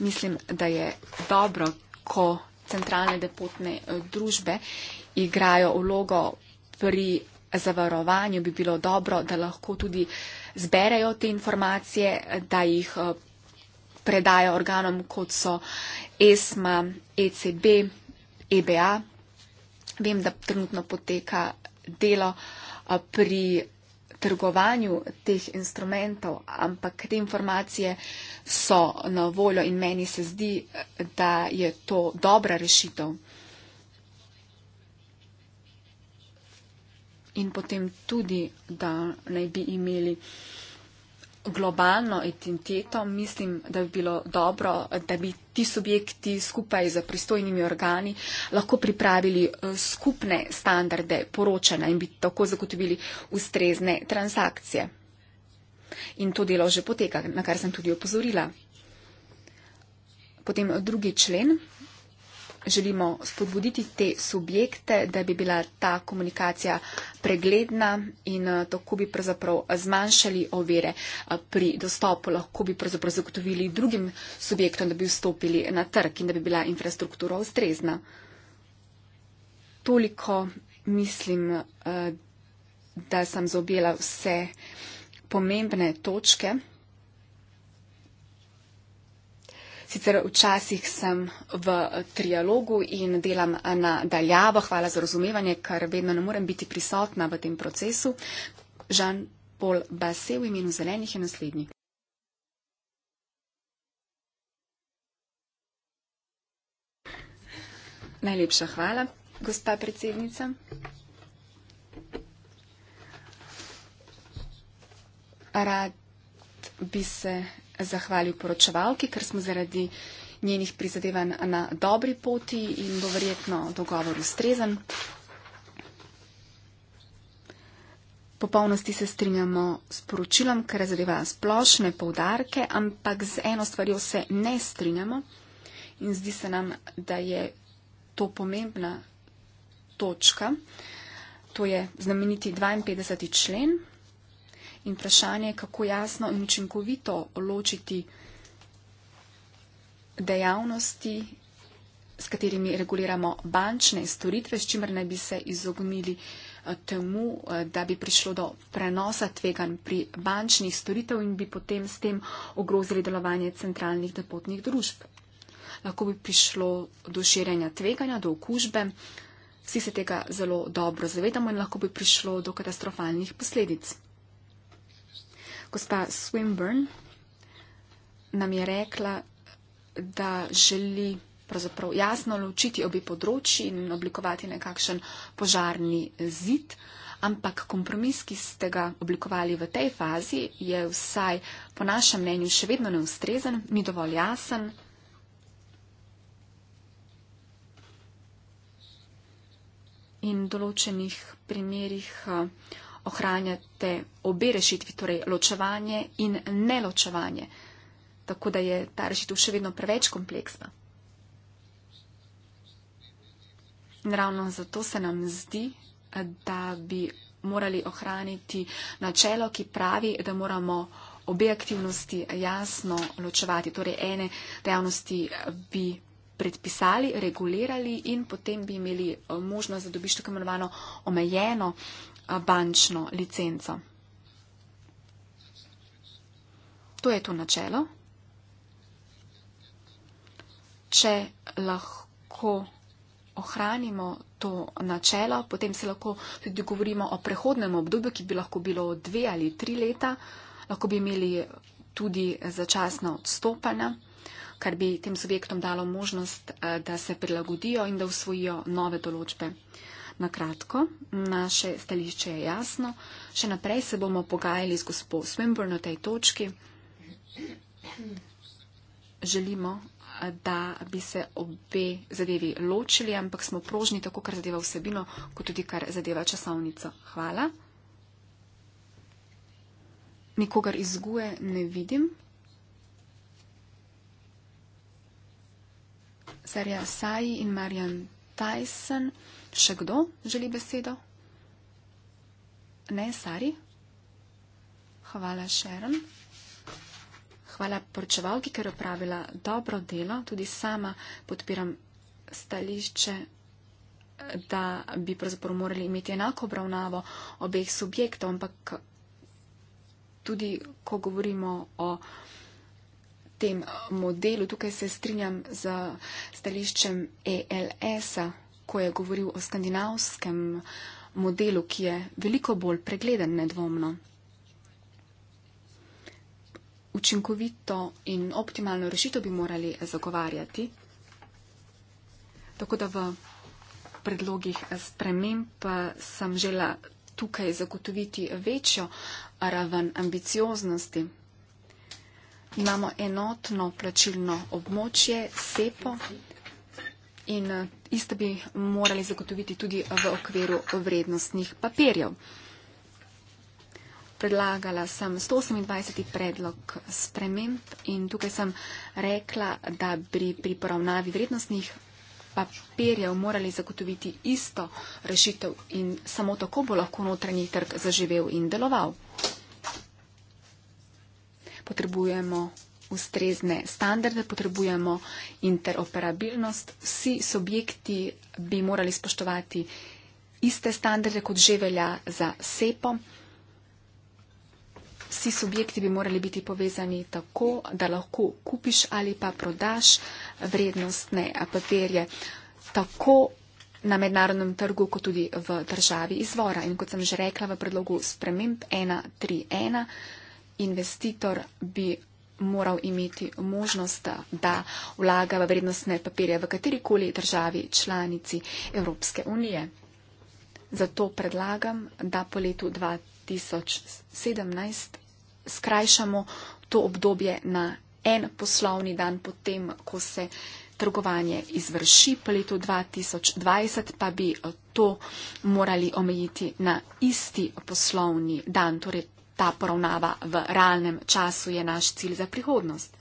mislim, da je dobro, ko centralne depotne eh, družbe igrajo vlogo pri zavarovanju, bi bilo dobro, da lahko tudi zberejo te informacije, da jih eh, predajo organom, kot so ESMA, ECB, EBA. Vem, da trenutno poteka delo eh, pri trgovanju teh instrumentov, ampak te informacije so na voljo in meni se zdi, da je to dobra rešitev. In potem tudi, da naj bi imeli globalno identiteto, mislim, da bi bilo dobro, da bi ti subjekti skupaj z pristojnimi organi lahko pripravili eh, skupne standarde poročanja in bi tako zagotovili ustrezne transakcije. In to delo že poteka, na kar sem tudi opozorila. Potem drugi člen želimo spodbuditi te subjekte, da bi bila ta komunikacija pregledna in eh, tako bi pravzaprav zmanjšali ovire eh, pri dostopu, lahko bi pravzaprav zagotovili drugim subjektom, da bi vstopili na trg in da bi bila infrastruktura ustrezna. Toliko mislim, eh, da sem zobjela vse pomembne točke. Sicer včasih sem v trialogu in delam na daljavo. Hvala za razumevanje, ker vedno ne morem biti prisotna v tem procesu. Žan Pol Base v imenu zelenih je naslednji. Najlepša hvala, gospa predsednica. Rad bi se zahvalil poročevalki, ker smo zaradi njenih prizadevanj na dobri poti in bo verjetno dogovor ustrezen. Popolnosti se strinjamo s poročilom, ker zadeva splošne povdarke, ampak z eno stvarjo se ne strinjamo in zdi se nam, da je to pomembna točka. To je znameniti 52. člen in vprašanje, kako jasno in učinkovito ločiti dejavnosti, s katerimi reguliramo bančne storitve, s čimer naj bi se izognili eh, temu, eh, da bi prišlo do prenosa tvegan pri bančnih storitev in bi potem s tem ogrozili delovanje centralnih depotnih družb. Lahko bi prišlo do širjenja tveganja, do okužbe, vsi se tega zelo dobro zavedamo in lahko bi prišlo do katastrofalnih posledic. Gospa Swinburne nam je rekla, da želi pravzaprav jasno ločiti obi področji in oblikovati nekakšen požarni zid, ampak kompromis, ki ste ga oblikovali v tej fazi, je vsaj po našem mnenju še vedno neustrezen, ni dovolj jasen. In v določenih primerjih uh, eh, ohranjate obe rešitvi, torej ločevanje in neločevanje, tako da je ta rešitev še vedno preveč kompleksna. In ravno zato se nam zdi, da bi morali ohraniti načelo, ki pravi, da moramo obe aktivnosti jasno ločevati. Torej, ene dejavnosti bi predpisali, regulirali in potem bi imeli možnost, da dobiš tako imenovano omejeno bančno licenco. To je to načelo. Če lahko ohranimo to načelo, potem se lahko tudi govorimo o prehodnem obdobju, ki bi lahko bilo dve ali tri leta. Lahko bi imeli tudi začasna odstopanja, kar bi tem subjektom dalo možnost, eh, da se prilagodijo in da usvojijo nove določbe. Na kratko, naše stališče je jasno. Še naprej se bomo pogajali z gospo Swinburne o tej točki. Želimo, da bi se obe zadevi ločili, ampak smo prožni tako, kar zadeva vsebino, kot tudi kar zadeva časovnico. Hvala. Nikogar izguje ne vidim. Sarja Saji in Marjan Tyson. Še kdo želi besedo? Ne, Sari. Hvala, Šeren. Hvala poročevalki, ker je opravila dobro delo. Tudi sama podpiram stališče, da bi pravzaprav morali imeti enako obravnavo obeh subjektov, ampak tudi, ko govorimo o tem modelu, tukaj se strinjam z stališčem ELS-a ko je govoril o skandinavskem modelu, ki je veliko bolj pregleden, nedvomno. Učinkovito in optimalno rešitev bi morali zagovarjati. Tako da v predlogih sprememb eh, sem žela tukaj zagotoviti večjo raven ambicioznosti. Imamo enotno plačilno območje SEPO, in eh, isto bi morali zagotoviti tudi v okviru vrednostnih papirjev. Predlagala sem 128. predlog sprememb in tukaj sem rekla, da bi pri poravnavi vrednostnih papirjev morali zagotoviti isto rešitev in samo tako bo lahko notranji trg zaživel in deloval. Potrebujemo ustrezne standarde, potrebujemo interoperabilnost. Vsi subjekti bi morali spoštovati iste standarde, kot že velja za SEPO. Vsi subjekti bi morali biti povezani tako, da lahko kupiš ali pa prodaš vrednostne papirje tako na mednarodnem trgu, kot tudi v državi izvora. In kot sem že rekla v predlogu sprememb 1.3.1, investitor bi moral imeti možnost, da vlaga v vrednostne papirje v katerikoli državi članici Evropske unije. Zato predlagam, da po letu 2017 skrajšamo to obdobje na en poslovni dan, potem, ko se trgovanje izvrši, po letu 2020 pa bi to morali omejiti na isti poslovni dan, torej ta poravnava v realnem času je naš cilj za prihodnost.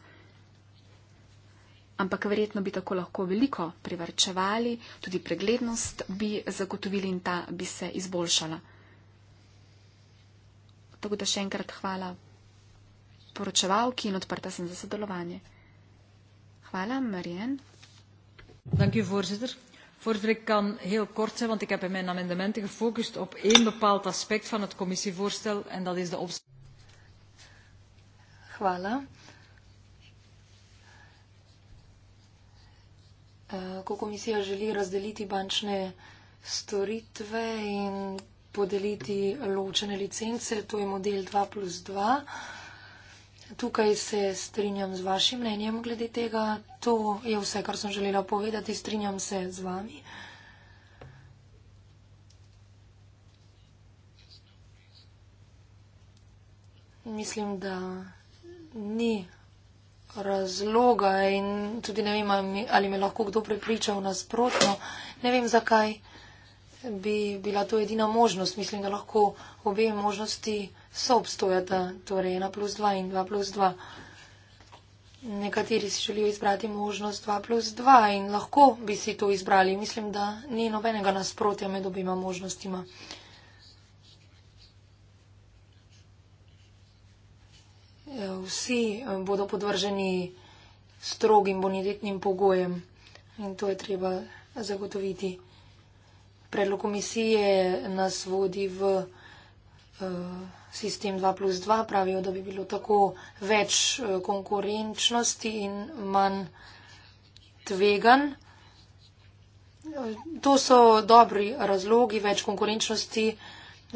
Ampak verjetno bi tako lahko veliko privrčevali, tudi preglednost bi zagotovili in ta bi se izboljšala. Tako da še enkrat hvala poročevalki in odprta sem za sodelovanje. Hvala, Marjen. Thank you, Vorzitr voorzitter ik kan heel kort zijn want ik heb in mijn amendementen gefocust op één bepaald aspect van het commissievoorstel en dat is de Voilà. Eh, ko komisija želi razdeliti bančne storitve in podeliti ločene licence, to je model 2 plus 2, Tukaj se strinjam z vašim mnenjem glede tega. To je vse, kar sem želela povedati. Strinjam se z vami. Mislim, da ni razloga in tudi ne vem, ali me lahko kdo prepričal nasprotno. Ne vem, zakaj bi bila to edina možnost. Mislim, da lahko obe možnosti soobstojata, torej 1 plus 2 in 2 plus 2. Nekateri si želijo izbrati možnost 2 plus 2 in lahko bi si to izbrali. Mislim, da ni nobenega nasprotja med obima možnostima. Vsi bodo podvrženi strogim bonitetnim pogojem in to je treba zagotoviti. Predlog komisije nas vodi v uh, sistem 2 plus 2, pravijo, da bi bilo tako več eh, konkurenčnosti in manj tvegan. Eh, to so dobri razlogi, več konkurenčnosti,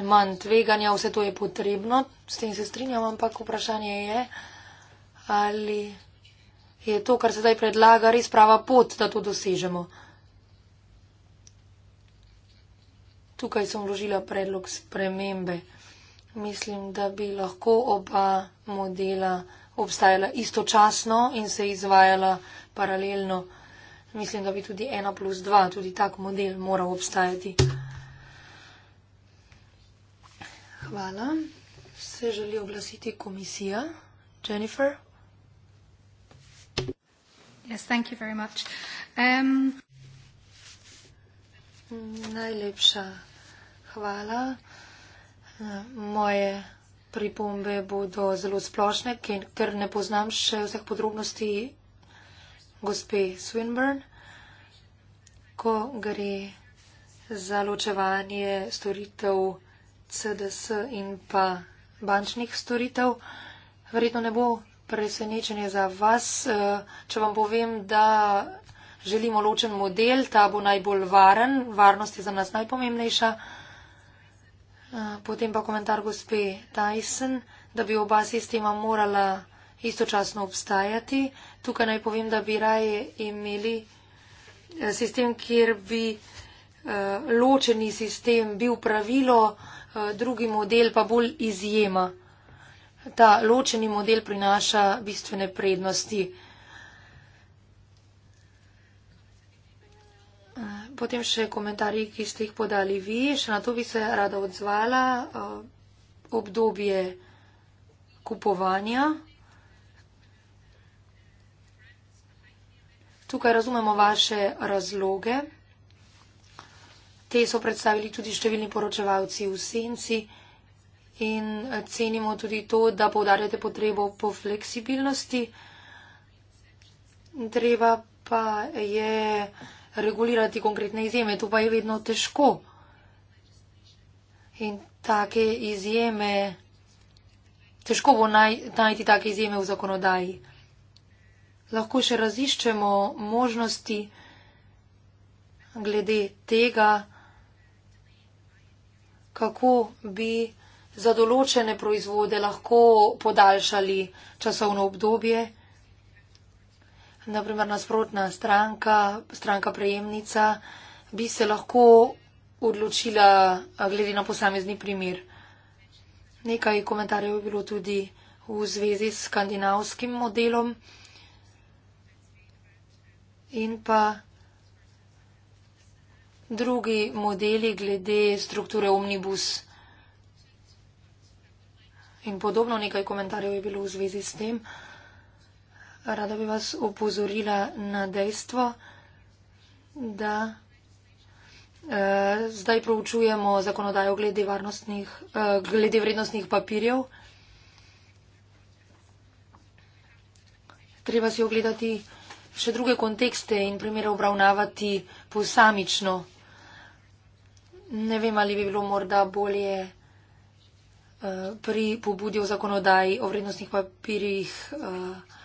manj tveganja, vse to je potrebno, s tem se strinjam, ampak vprašanje je, ali je to, kar se zdaj predlaga, res prava pot, da to dosežemo. Tukaj sem vložila predlog spremembe. Mislim, da bi lahko oba modela obstajala istočasno in se izvajala paralelno. Mislim, da bi tudi ena plus dva, tudi tak model moral obstajati. Hvala. Se želi oglasiti komisija. Jennifer? Yes, thank you very much. Um... Najlepša hvala. Moje pripombe bodo zelo splošne, ker ne poznam še vseh podrobnosti gospe Swinburne, ko gre za ločevanje storitev CDS in pa bančnih storitev. Verjetno ne bo presenečenje za vas, eh, če vam povem, da želimo ločen model, ta bo najbolj varen, varnost je za nas najpomembnejša. Eh, potem pa komentar gospe Tyson, da bi oba sistema morala istočasno obstajati. Tukaj naj povem, da bi raje imeli eh, sistem, kjer bi eh, ločeni sistem bil pravilo, drugi model pa bolj izjema. Ta ločeni model prinaša bistvene prednosti. potem še komentarji, ki ste jih podali vi. Še na to bi se rada odzvala. Eh, obdobje kupovanja. Tukaj razumemo vaše razloge. Te so predstavili tudi številni poročevalci v senci in cenimo tudi to, da povdarjate potrebo po fleksibilnosti. Treba pa je regulirati konkretne izjeme, to pa je vedno težko. In take izjeme, težko bo najti take izjeme v zakonodaji. Lahko še raziščemo možnosti glede tega, kako bi za določene proizvode lahko podaljšali časovno obdobje naprimer nasprotna stranka, stranka prejemnica, bi se lahko odločila eh, glede na posamezni primer. Nekaj komentarjev je bilo tudi v zvezi s skandinavskim modelom in pa drugi modeli glede strukture omnibus. In podobno nekaj komentarjev je bilo v zvezi s tem. Rada bi vas opozorila na dejstvo, da eh, zdaj proučujemo zakonodajo glede, eh, glede vrednostnih papirjev. Treba si ogledati še druge kontekste in primere obravnavati posamično. Ne vem, ali bi bilo morda bolje eh, pri pobudju zakonodaji o vrednostnih papirjih. Eh,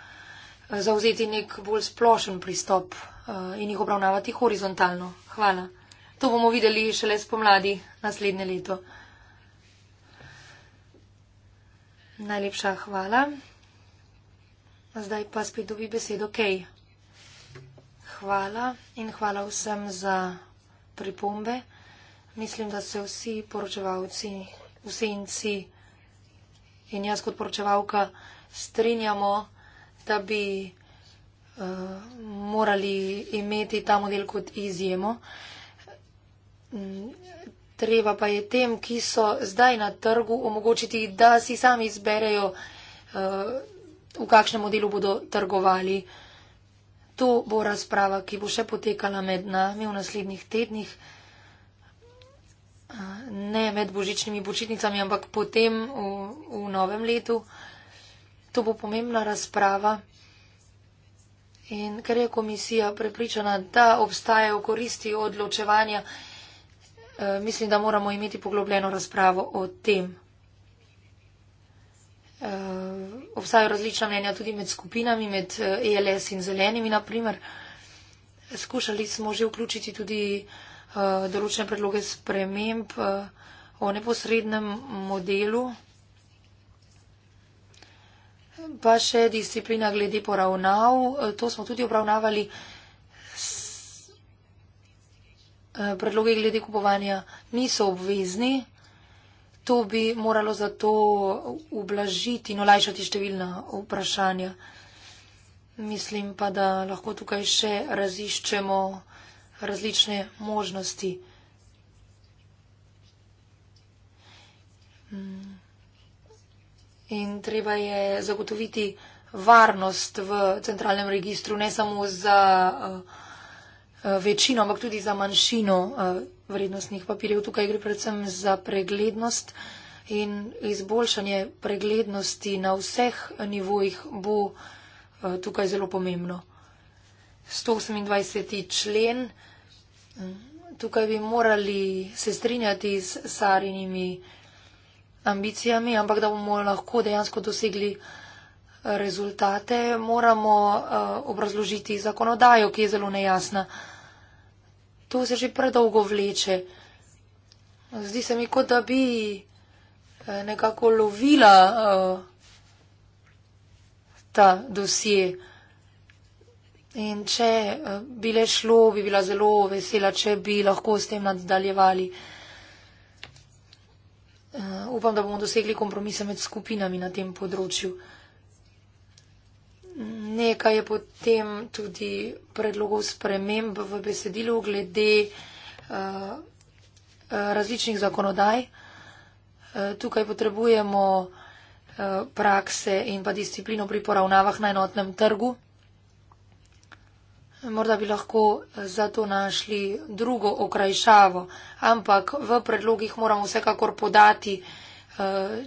zauzeti nek bolj splošen pristop eh, in jih obravnavati horizontalno. Hvala. To bomo videli šele spomladi naslednje leto. Najlepša hvala. Zdaj pa spet dobi besedo Kej. Hvala in hvala vsem za pripombe. Mislim, da se vsi poročevalci, vsi in vsi in jaz kot poročevalka strinjamo, da bi uh, morali imeti ta model kot izjemo. Treba pa je tem, ki so zdaj na trgu, omogočiti, da si sami izberejo, uh, v kakšnem modelu bodo trgovali. To bo razprava, ki bo še potekala med nami v naslednjih tednih. Eh, ne med božičnimi počitnicami, ampak potem v, v novem letu. To bo pomembna razprava. In ker je komisija prepričana, da obstajajo koristi odločevanja, eh, mislim, da moramo imeti poglobljeno razpravo o tem. Eh, obstajajo različna mnenja tudi med skupinami, med ELS eh, e in zelenimi, naprimer. Skušali smo že vključiti tudi določene predloge sprememb o neposrednem modelu. Pa še disciplina glede poravnav. To smo tudi obravnavali. Eh, Predloge glede kupovanja niso obvezni. To bi moralo zato ublažiti in olajšati številna vprašanja. Mislim pa, da lahko tukaj še raziščemo različne možnosti. Hmm in treba je zagotoviti varnost v centralnem registru, ne samo za eh, eh, večino, ampak tudi za manjšino eh, vrednostnih papirjev. Tukaj gre predvsem za preglednost in izboljšanje preglednosti na vseh nivojih bo tukaj zelo pomembno. 128. člen. Mm, tukaj bi morali se strinjati s Sarinimi ambicijami, ampak da bomo lahko dejansko dosegli rezultate, moramo eh, obrazložiti zakonodajo, ki je zelo nejasna. To se že predolgo vleče. Zdi se mi, kot da bi eh, nekako lovila eh, ta dosje. In če bi le šlo, bi bila zelo vesela, če bi lahko s tem nadaljevali. Eh, upam, da bomo dosegli kompromise med skupinami na tem področju. Nekaj je potem tudi predlogov sprememb v besedilu glede uh, različnih zakonodaj. Uh, tukaj potrebujemo uh, prakse in pa disciplino pri poravnavah na enotnem trgu. Morda bi lahko eh, za to našli drugo okrajšavo, ampak v predlogih moramo vsekakor podati eh,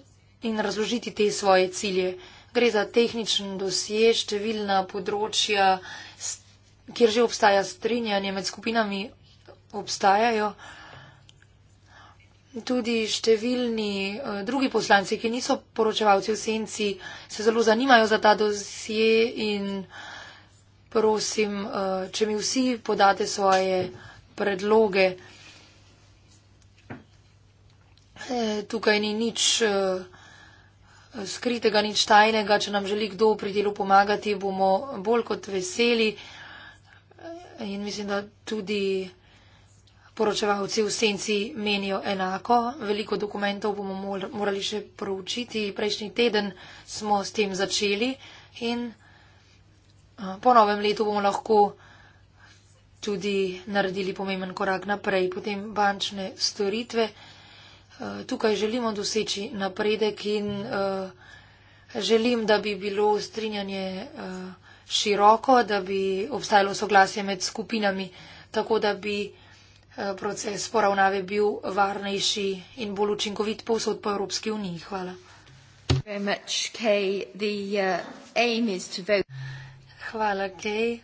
in razložiti te svoje cilje. Gre za tehničen dosje, številna področja, kjer že obstaja strinjanje med skupinami, obstajajo. Tudi številni eh, drugi poslanci, ki niso poročevalci v senci, se zelo zanimajo za ta dosje in prosim, eh, če mi vsi podate svoje predloge. Eh, tukaj ni nič eh, skritega, nič tajnega. Če nam želi kdo pri delu pomagati, bomo bolj kot veseli. In mislim, da tudi poročevalci v senci menijo enako. Veliko dokumentov bomo morali še proučiti. Prejšnji teden smo s tem začeli in. Po novem letu bomo lahko tudi naredili pomemben korak naprej. Potem bančne storitve. Eh, tukaj želimo doseči napredek in eh, želim, da bi bilo strinjanje eh, široko, da bi obstajalo soglasje med skupinami, tako da bi proces poravnave bil varnejši in bolj učinkovit posod po Evropski uniji. Hvala. Very much, Kay. The uh, aim is to vote. Hvala, Kej.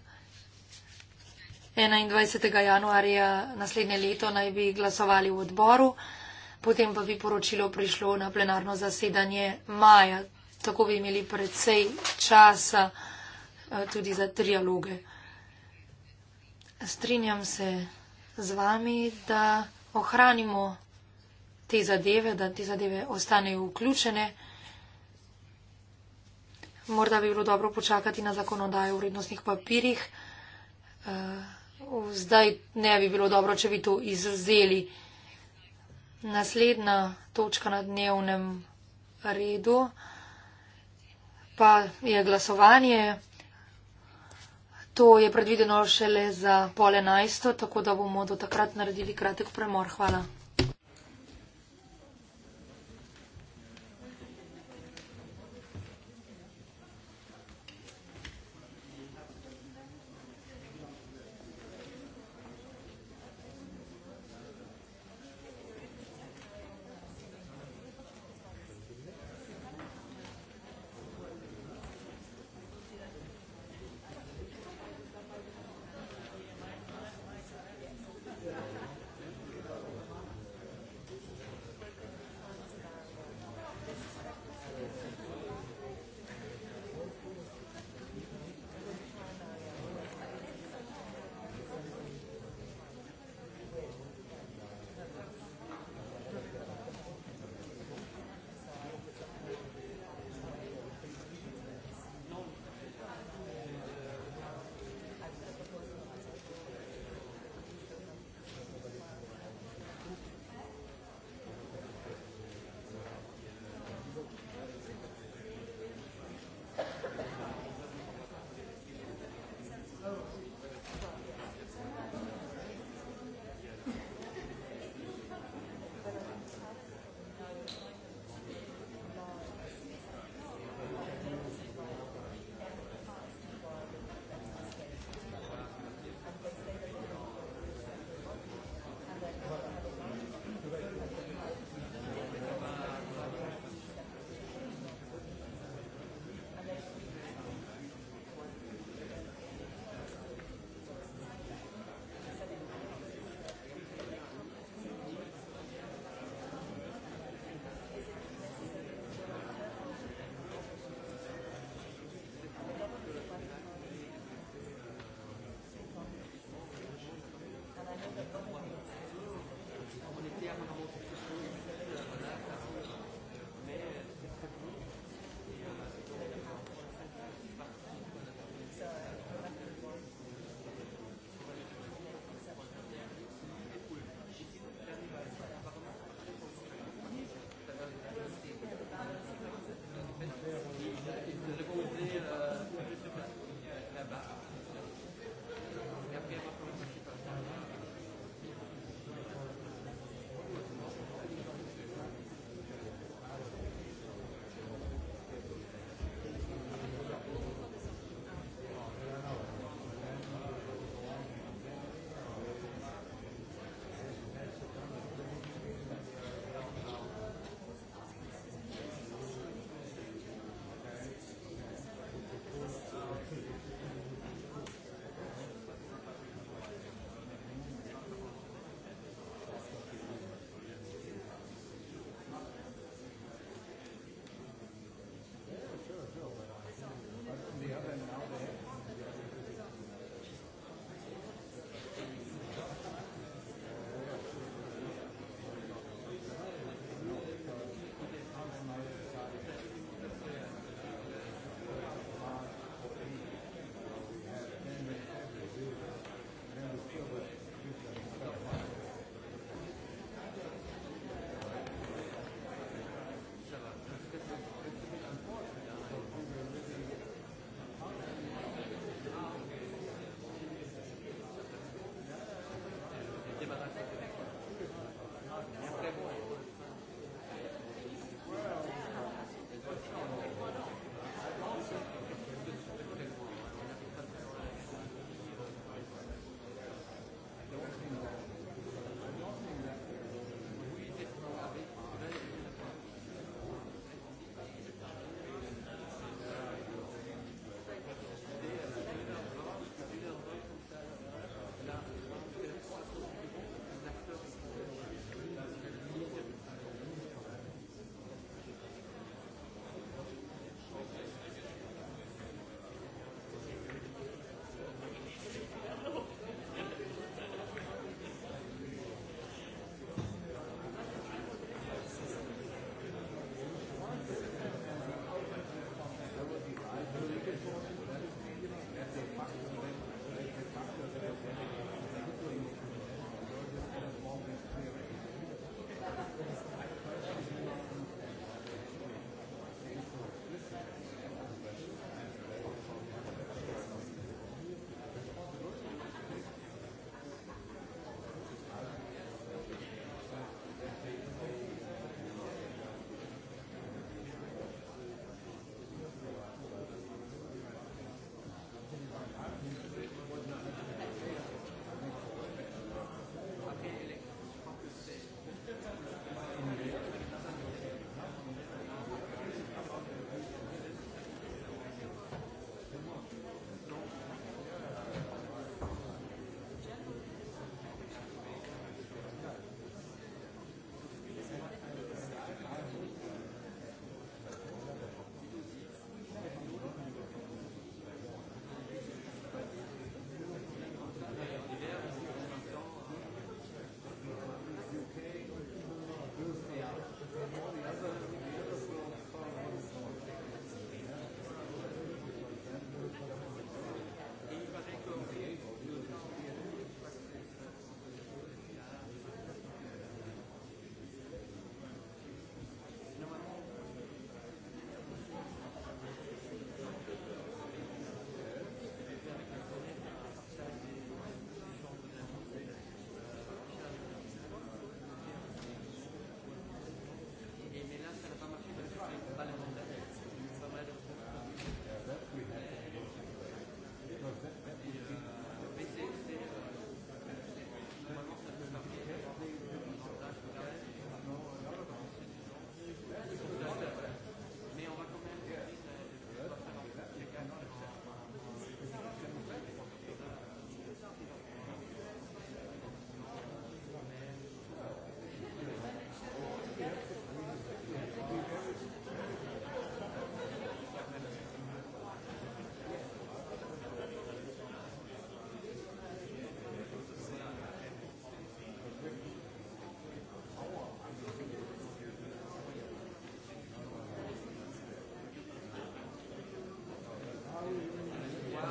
21. januarja naslednje leto naj bi glasovali v odboru, potem pa bi poročilo prišlo na plenarno zasedanje maja. Tako bi imeli predvsej časa eh, tudi za trialoge. Strinjam se z vami, da ohranimo te zadeve, da te zadeve ostanejo vključene morda bi bilo dobro počakati na zakonodajo o vrednostnih papirjih. Eh, zdaj ne bi bilo dobro, če bi to izuzeli. Naslednja točka na dnevnem redu pa je glasovanje. To je predvideno šele za pol enajsto, tako da bomo do takrat naredili kratek premor. Hvala.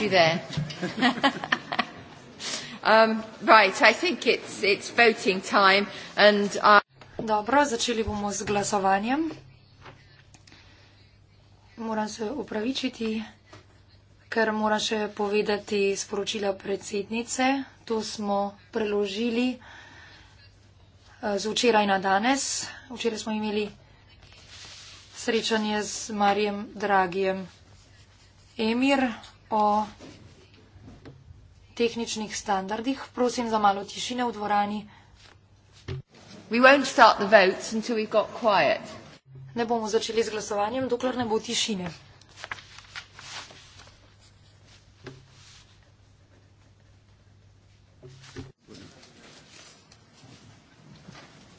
you there. um, right, I think it's, it's voting time and I... Uh, Dobro, začeli bomo z glasovanjem se upravičiti, ker mora še povedati sporočila predsednice. To smo preložili eh, z včeraj na danes. Včeraj smo imeli srečanje z Marijem Dragijem Emir o tehničnih standardih. Prosim za malo tišine v dvorani. We won't start the votes until we've got quiet. Ne bomo začeli z glasovanjem, dokler ne bo tišine.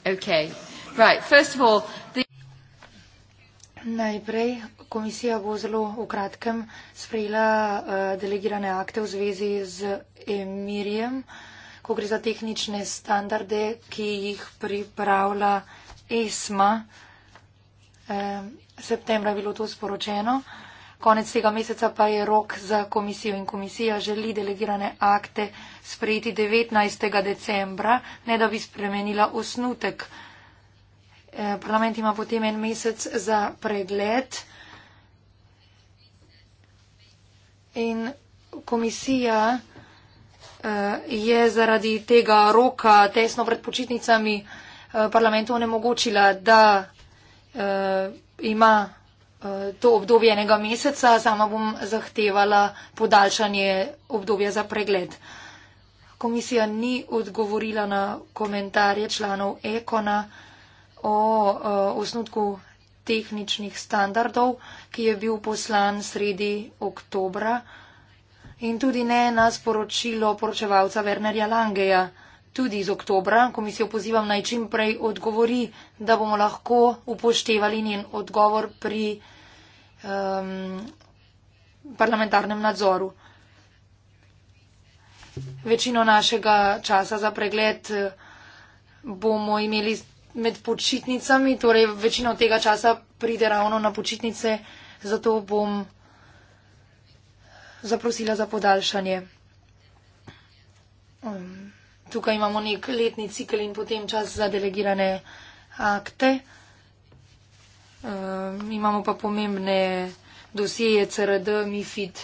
Okay. Right. First of all, the Najprej komisija bo zelo v kratkem sprejela uh, delegirane akte v zvezi z emirjem, ko gre za tehnične standarde, ki jih pripravlja ESMA. Uh, septembra je bilo to sporočeno. Uh, Konec tega meseca pa je rok za komisijo in komisija želi delegirane akte sprejeti 19. decembra, ne da bi spremenila osnutek. Eh, parlament ima potem en mesec za pregled in komisija eh, je zaradi tega roka tesno pred počitnicami eh, parlamentu onemogočila, da ima Eh, to obdobje enega meseca, sama bom zahtevala podaljšanje obdobja za pregled. Komisija ni odgovorila na komentarje članov Ekona o eh, osnutku tehničnih standardov, ki je bil poslan sredi oktobra in tudi ne na sporočilo poročevalca Wernerja Langeja tudi iz oktobra. Komisijo pozivam naj čim prej odgovori, da bomo lahko upoštevali njen odgovor pri um, parlamentarnem nadzoru. Večino našega časa za pregled eh, bomo imeli med počitnicami, torej večino tega časa pride ravno na počitnice, zato bom zaprosila za podaljšanje. Um tukaj imamo nek letni cikl in potem čas za delegirane akte. Um, imamo pa pomembne dosije CRD, MIFID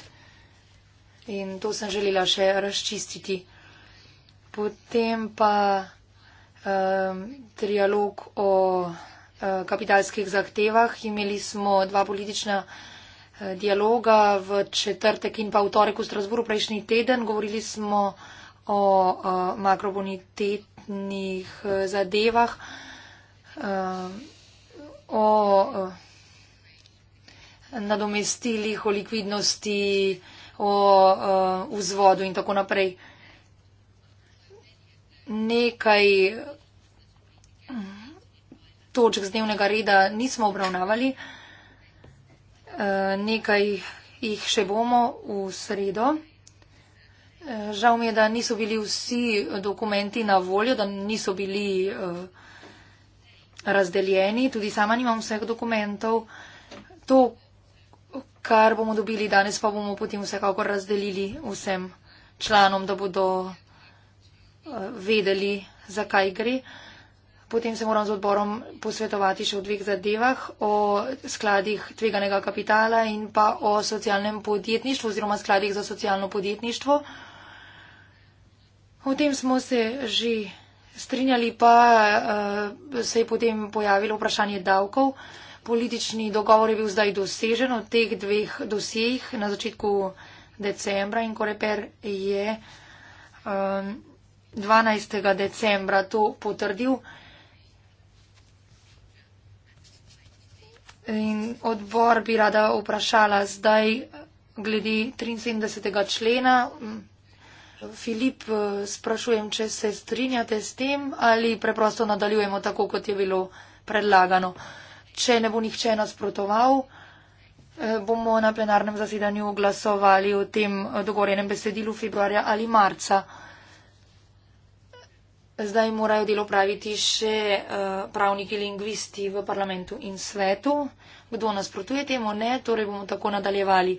in to sem želela še razčistiti. Potem pa um, trialog o uh, kapitalskih zahtevah. Imeli smo dva politična uh, dialoga v četrtek in pa v torek v Strasburu prejšnji teden. Govorili smo o uh, makrobonitetnih eh, zadevah, uh, o uh, nadomestilih, o likvidnosti, o uh, vzvodu in tako naprej. Nekaj mm, točk z dnevnega reda nismo obravnavali, uh, nekaj jih še bomo v sredo. Žal mi je, da niso bili vsi dokumenti na voljo, da niso bili eh, razdeljeni. Tudi sama nimam vseh dokumentov. To, kar bomo dobili danes, pa bomo potem vsekakor razdelili vsem članom, da bodo eh, vedeli, zakaj gre. Potem se moram z odborom posvetovati še v dveh zadevah, o skladih tveganega kapitala in pa o socialnem podjetništvu oziroma skladih za socialno podjetništvo. O tem smo se že strinjali, pa eh, se je potem pojavilo vprašanje davkov. Politični dogovor je bil zdaj dosežen od teh dveh dosjejih na začetku decembra in Koreper je 12. Ehm, decembra to potrdil. In odbor bi rada vprašala zdaj glede 73. člena. Filip, eh, sprašujem, če se strinjate s tem ali preprosto nadaljujemo tako, kot je bilo predlagano. Če ne bo nihče nasprotoval, eh, bomo na plenarnem zasedanju glasovali o tem eh, dogorenem besedilu februarja ali marca. Zdaj morajo delo praviti še pravniki lingvisti v parlamentu in svetu. Kdo nasprotuje temu? Ne, torej bomo tako nadaljevali.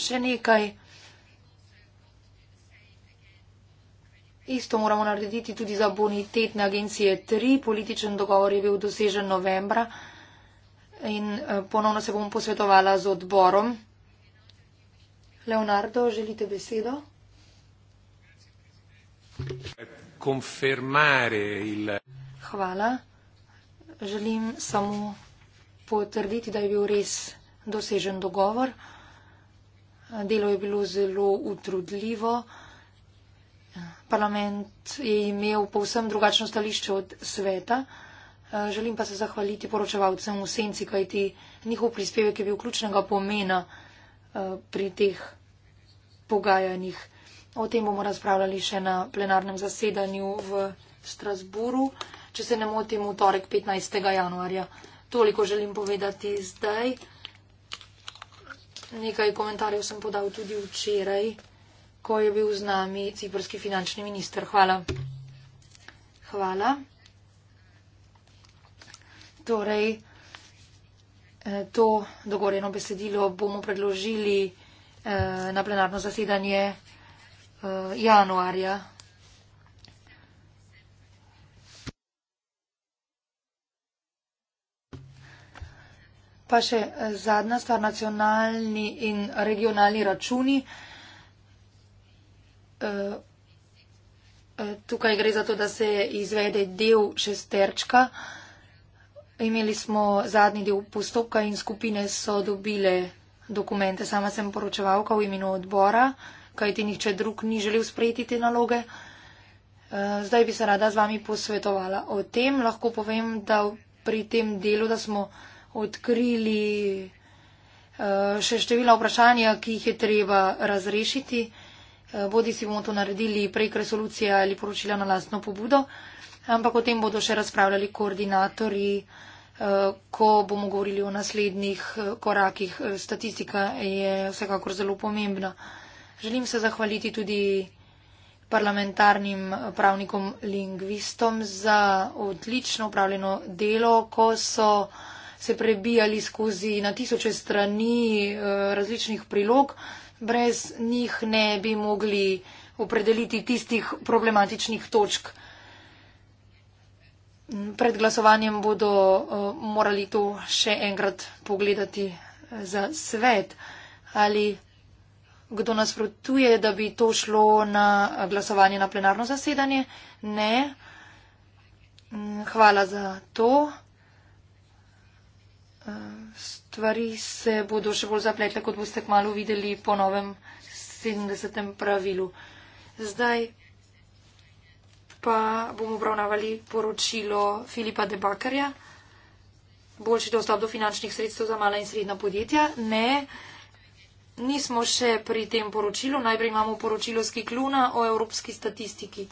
še nekaj. Isto moramo narediti tudi za bonitetne agencije. Tri političen dogovor je bil dosežen novembra in eh, ponovno se bom posvetovala z odborom. Leonardo, želite besedo? Hvala. Želim samo potrditi, da je bil res dosežen dogovor. Delo je bilo zelo utrudljivo. Parlament je imel povsem drugačno stališče od sveta. Želim pa se zahvaliti poročevalcem v senci, kajti njihov prispevek je bil ključnega pomena eh, pri teh pogajanjih. O tem bomo razpravljali še na plenarnem zasedanju v Strasburu, če se ne motim, v torek 15. januarja. Toliko želim povedati zdaj nekaj komentarjev sem podal tudi včeraj, ko je bil z nami ciprski finančni minister. Hvala. Hvala. Torej, eh, to dogorjeno besedilo bomo predložili eh, na plenarno zasedanje eh, januarja Pa še eh, zadnja stvar, nacionalni in regionalni računi. Eh, eh, tukaj gre za to, da se izvede del šesterčka. Imeli smo zadnji del postopka in skupine so dobile dokumente. Sama sem poročevalka v imenu odbora, kajti nihče drug ni želel sprejeti te naloge. Zdaj bi se rada z vami posvetovala o tem. Lahko povem, da pri tem delu, da smo odkrili eh, še števila vprašanja, ki jih je treba razrešiti. Eh, Bodi si bomo to naredili prek resolucije ali poročila na lastno pobudo, ampak o tem bodo še razpravljali koordinatori, eh, ko bomo govorili o naslednjih korakih. Statistika je vsekakor zelo pomembna. Želim se zahvaliti tudi parlamentarnim pravnikom lingvistom za odlično upravljeno delo, ko so se prebijali skozi na tisoče strani eh, različnih prilog, brez njih ne bi mogli opredeliti tistih problematičnih točk. Pred glasovanjem bodo eh, morali to še enkrat pogledati eh, za svet ali kdo nasprotuje, da bi to šlo na glasovanje na plenarno zasedanje. Ne. Hm, hvala za to. Eh, stvari se bodo še bolj zapletle, kot boste kmalo videli po novem 70. pravilu. Zdaj pa bomo obravnavali poročilo Filipa de Bakarja. Boljši dostop do finančnih sredstev za mala in srednja podjetja? Ne. Nismo še pri tem poročilu. Najprej imamo poročilo Skikluna o evropski statistiki.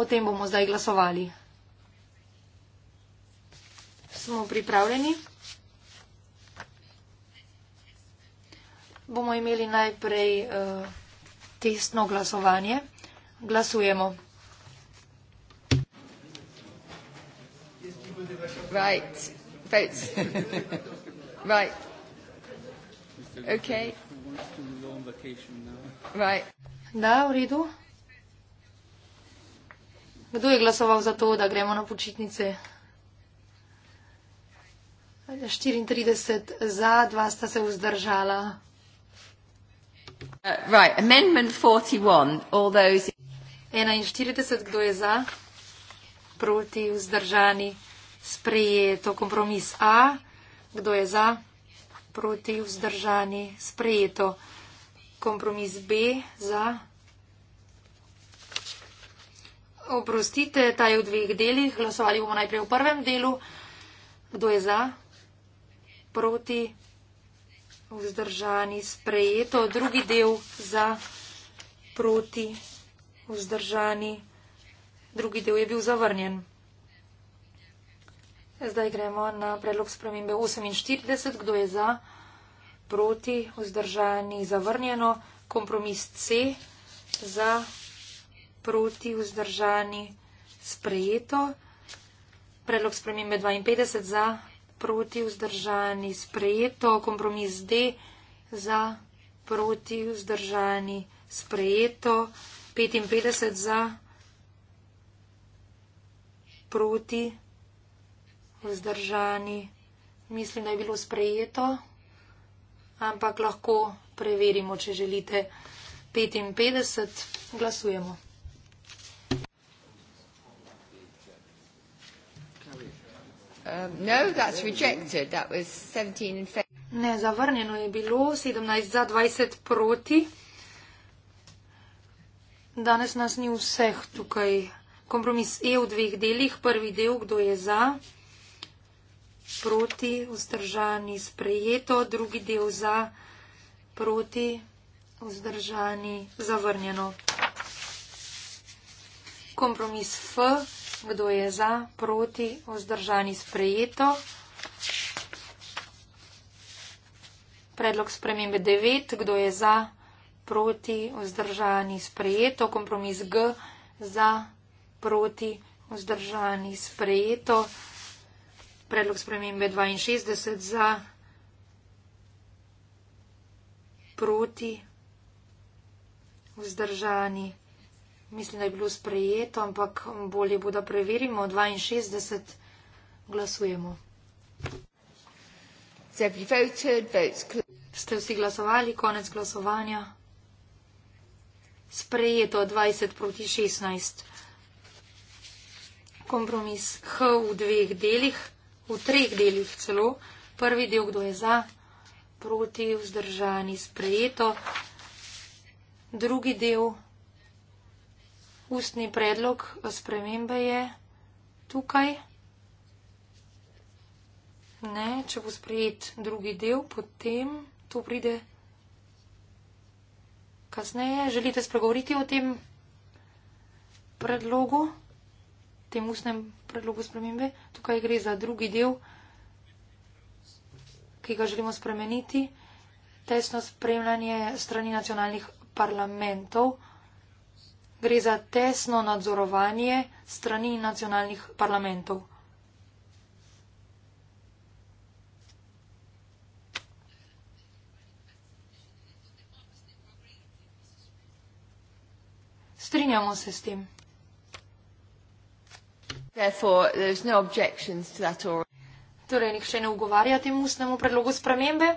O tem bomo zdaj glasovali. Smo pripravljeni? bomo imeli najprej uh, testno glasovanje. Glasujemo. Right. Votes. right. Okay. Right. Da, v redu. Kdo je glasoval za to, da gremo na počitnice? 34 za, dva sta se vzdržala. Uh, right, amendment 41, all those... 41, kdo je za? Proti, vzdržani, sprejeto, kompromis A. Kdo je za? Proti, vzdržani, sprejeto, kompromis B. Za. Oprostite, ta je v dveh delih, glasovali bomo najprej v prvem delu. Kdo je za? Proti, vzdržani, sprejeto, drugi del za proti vzdržani, drugi del je bil zavrnjen. Zdaj gremo na predlog spremembe 48, kdo je za, proti, vzdržani, zavrnjeno, kompromis C za, proti, vzdržani, sprejeto, predlog spremembe 52 za, proti vzdržani, sprejeto, kompromis D za, proti vzdržani, sprejeto, 55 za, proti vzdržani, mislim, da je bilo sprejeto, ampak lahko preverimo, če želite. 55, glasujemo. Um, no, ne, zavrnjeno je bilo 17 za 20 proti. Danes nas ni vseh tukaj. Kompromis je v dveh delih. Prvi del, kdo je za, proti, vzdržani, sprejeto. Drugi del za, proti, vzdržani, zavrnjeno. Kompromis F. Kdo je za, proti, vzdržani, sprejeto? Predlog spremembe 9. Kdo je za, proti, vzdržani, sprejeto? Kompromis G. Za, proti, vzdržani, sprejeto. Predlog spremembe 62. Za, proti, vzdržani, sprejeto mislim, da je bilo sprejeto, ampak bolje bo, da preverimo. 62 glasujemo. Ste vsi glasovali, konec glasovanja? Sprejeto 20 proti 16. Kompromis H v dveh delih, v treh delih celo. Prvi del, kdo je za, proti, vzdržani, sprejeto. Drugi del ustni predlog spremembe je tukaj. Ne, če bo sprejet drugi del, potem to pride kasneje. Želite spregovoriti o tem predlogu, tem ustnem predlogu spremembe? Tukaj gre za drugi del, ki ga želimo spremeniti. Tesno spremljanje strani nacionalnih parlamentov gre za tesno nadzorovanje strani nacionalnih parlamentov. Strinjamo se s tem. No or... Torej, nihče ne ugovarja temu ustnemu predlogu spremembe.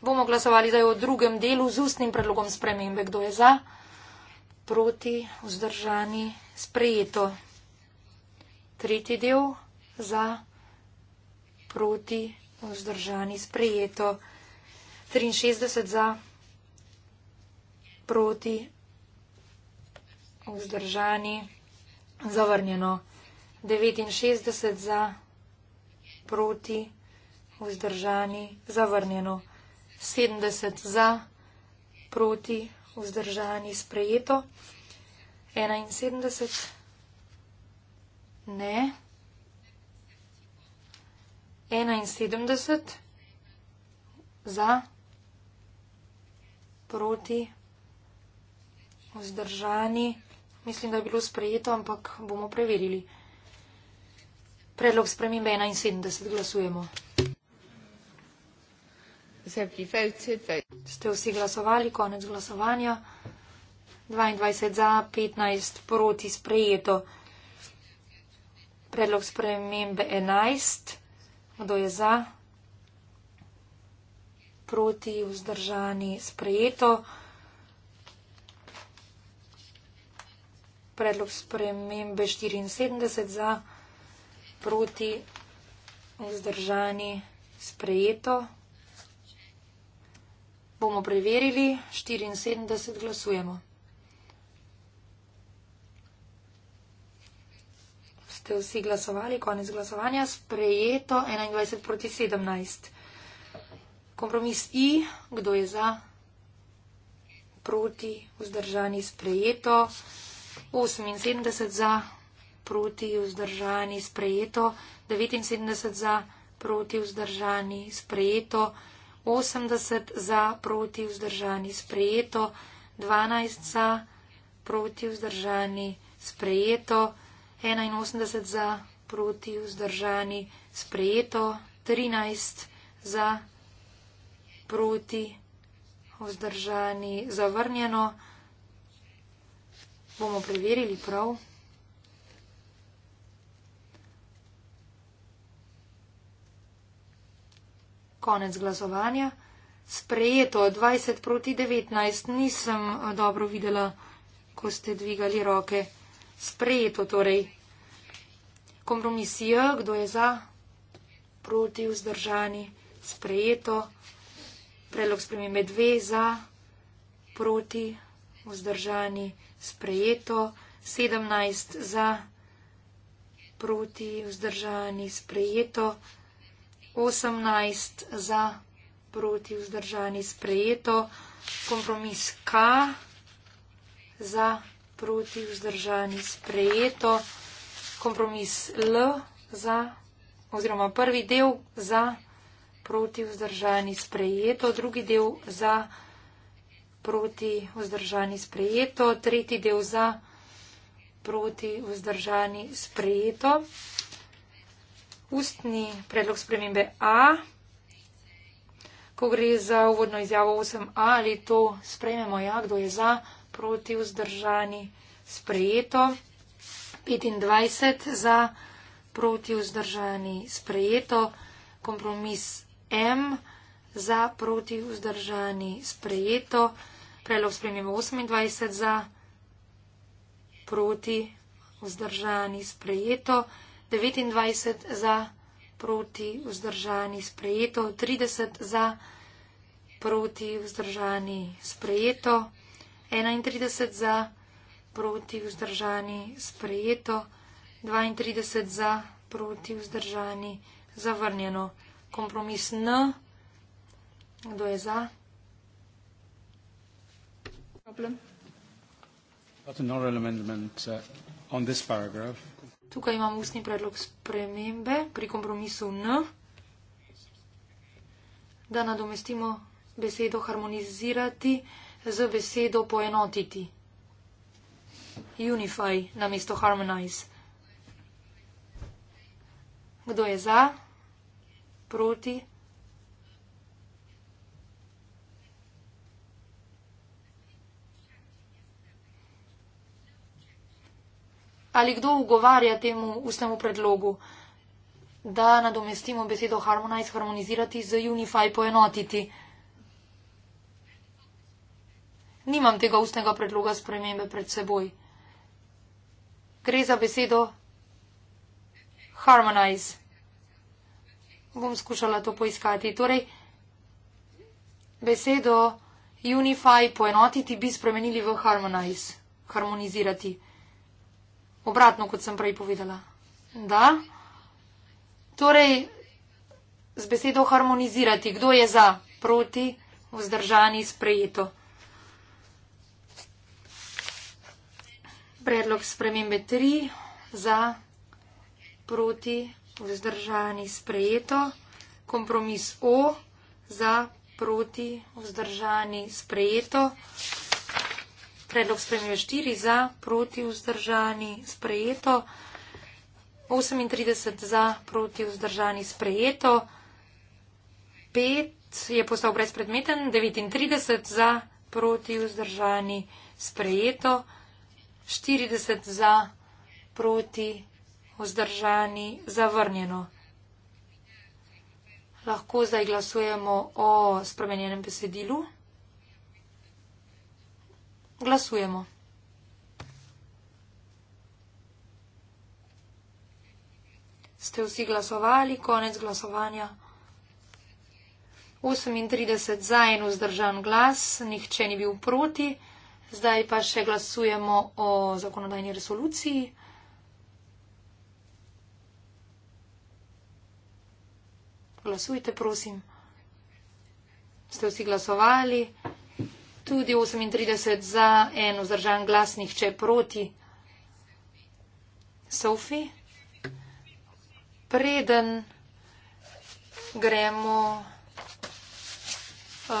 Bomo glasovali zdaj o drugem delu z ustnim predlogom spremembe. Kdo je za? proti, vzdržani, sprejeto. Tretji del za, proti, vzdržani, sprejeto. 63 za, proti, vzdržani, zavrnjeno. 69 za, proti, vzdržani, zavrnjeno. 70 za, proti, vzdržani, sprejeto. 71, ne. 71, za, proti, vzdržani. Mislim, da je bilo sprejeto, ampak bomo preverili. Predlog spremembe 71, glasujemo. Ste vsi glasovali, konec glasovanja. 22 za, 15 proti sprejeto. Predlog spremembe 11. Kdo je za? Proti vzdržani sprejeto. Predlog spremembe 74 za, proti vzdržani sprejeto. Bomo preverili, 74 glasujemo. Ste vsi glasovali, konec glasovanja, sprejeto 21 proti 17. Kompromis I, kdo je za, proti, vzdržani, sprejeto 78 za, proti, vzdržani, sprejeto 79 za, proti, vzdržani, sprejeto 79. 80 za, proti vzdržani sprejeto, 12 za, proti vzdržani sprejeto, 81 za, proti vzdržani sprejeto, 13 za, proti vzdržani zavrnjeno. Bomo preverili prav. konec glasovanja. Sprejeto 20 proti 19, nisem eh, dobro videla, ko ste dvigali roke. Sprejeto torej. Kompromisija, kdo je za, proti vzdržani, sprejeto. Predlog spremembe 2 za, proti vzdržani, sprejeto. 17 za, proti vzdržani, sprejeto. 18 za proti vzdržani sprejeto, kompromis K za proti vzdržani sprejeto, kompromis L za oziroma prvi del za proti vzdržani sprejeto, drugi del za proti vzdržani sprejeto, tretji del za proti vzdržani sprejeto ustni predlog spremembe A, ko gre za uvodno izjavo 8A, ali to sprejmemo, ja, kdo je za, proti, vzdržani, sprejeto. 25 za, proti, vzdržani, sprejeto. Kompromis M za, proti, vzdržani, sprejeto. Predlog spremembe 28 za, proti, vzdržani, sprejeto. 29 za, proti vzdržani sprejeto, 30 za, proti vzdržani sprejeto, 31 za, proti vzdržani sprejeto, 32 za, proti vzdržani zavrnjeno. Kompromis N. Kdo je za? Problem. But an oral amendment uh, on this paragraph. Tukaj imamo ustni predlog spremembe pri kompromisu N, da nadomestimo besedo harmonizirati z besedo poenotiti. Unify na mesto harmonize. Kdo je za? Proti? ali kdo ugovarja temu vsemu predlogu, da nadomestimo besedo harmonize, harmonizirati z unify, poenotiti. Nimam tega ustnega predloga spremembe pred seboj. Gre za besedo harmonize. Bom skušala to poiskati. Torej, besedo unify, poenotiti, bi spremenili v harmonize, harmonizirati obratno, kot sem prej povedala. Da? Torej, z besedo harmonizirati, kdo je za, proti, vzdržani, sprejeto. Predlog spremembe 3 za, proti, vzdržani, sprejeto. Kompromis O za, proti, vzdržani, sprejeto. Predlog spremljajo štiri za, proti vzdržani sprejeto, 38 za, proti vzdržani sprejeto, 5 je postal brezpredmeten, 39 za, proti vzdržani sprejeto, 40 za, proti vzdržani zavrnjeno. Lahko zdaj glasujemo o spremenjenem besedilu. Glasujemo. Ste vsi glasovali? Konec glasovanja. 38 za in vzdržan glas, nihče ni bil proti. Zdaj pa še glasujemo o zakonodajni resoluciji. Glasujte, prosim. Ste vsi glasovali? tudi 38 za, en vzdržan glas, nihče proti. Sofi, preden gremo uh,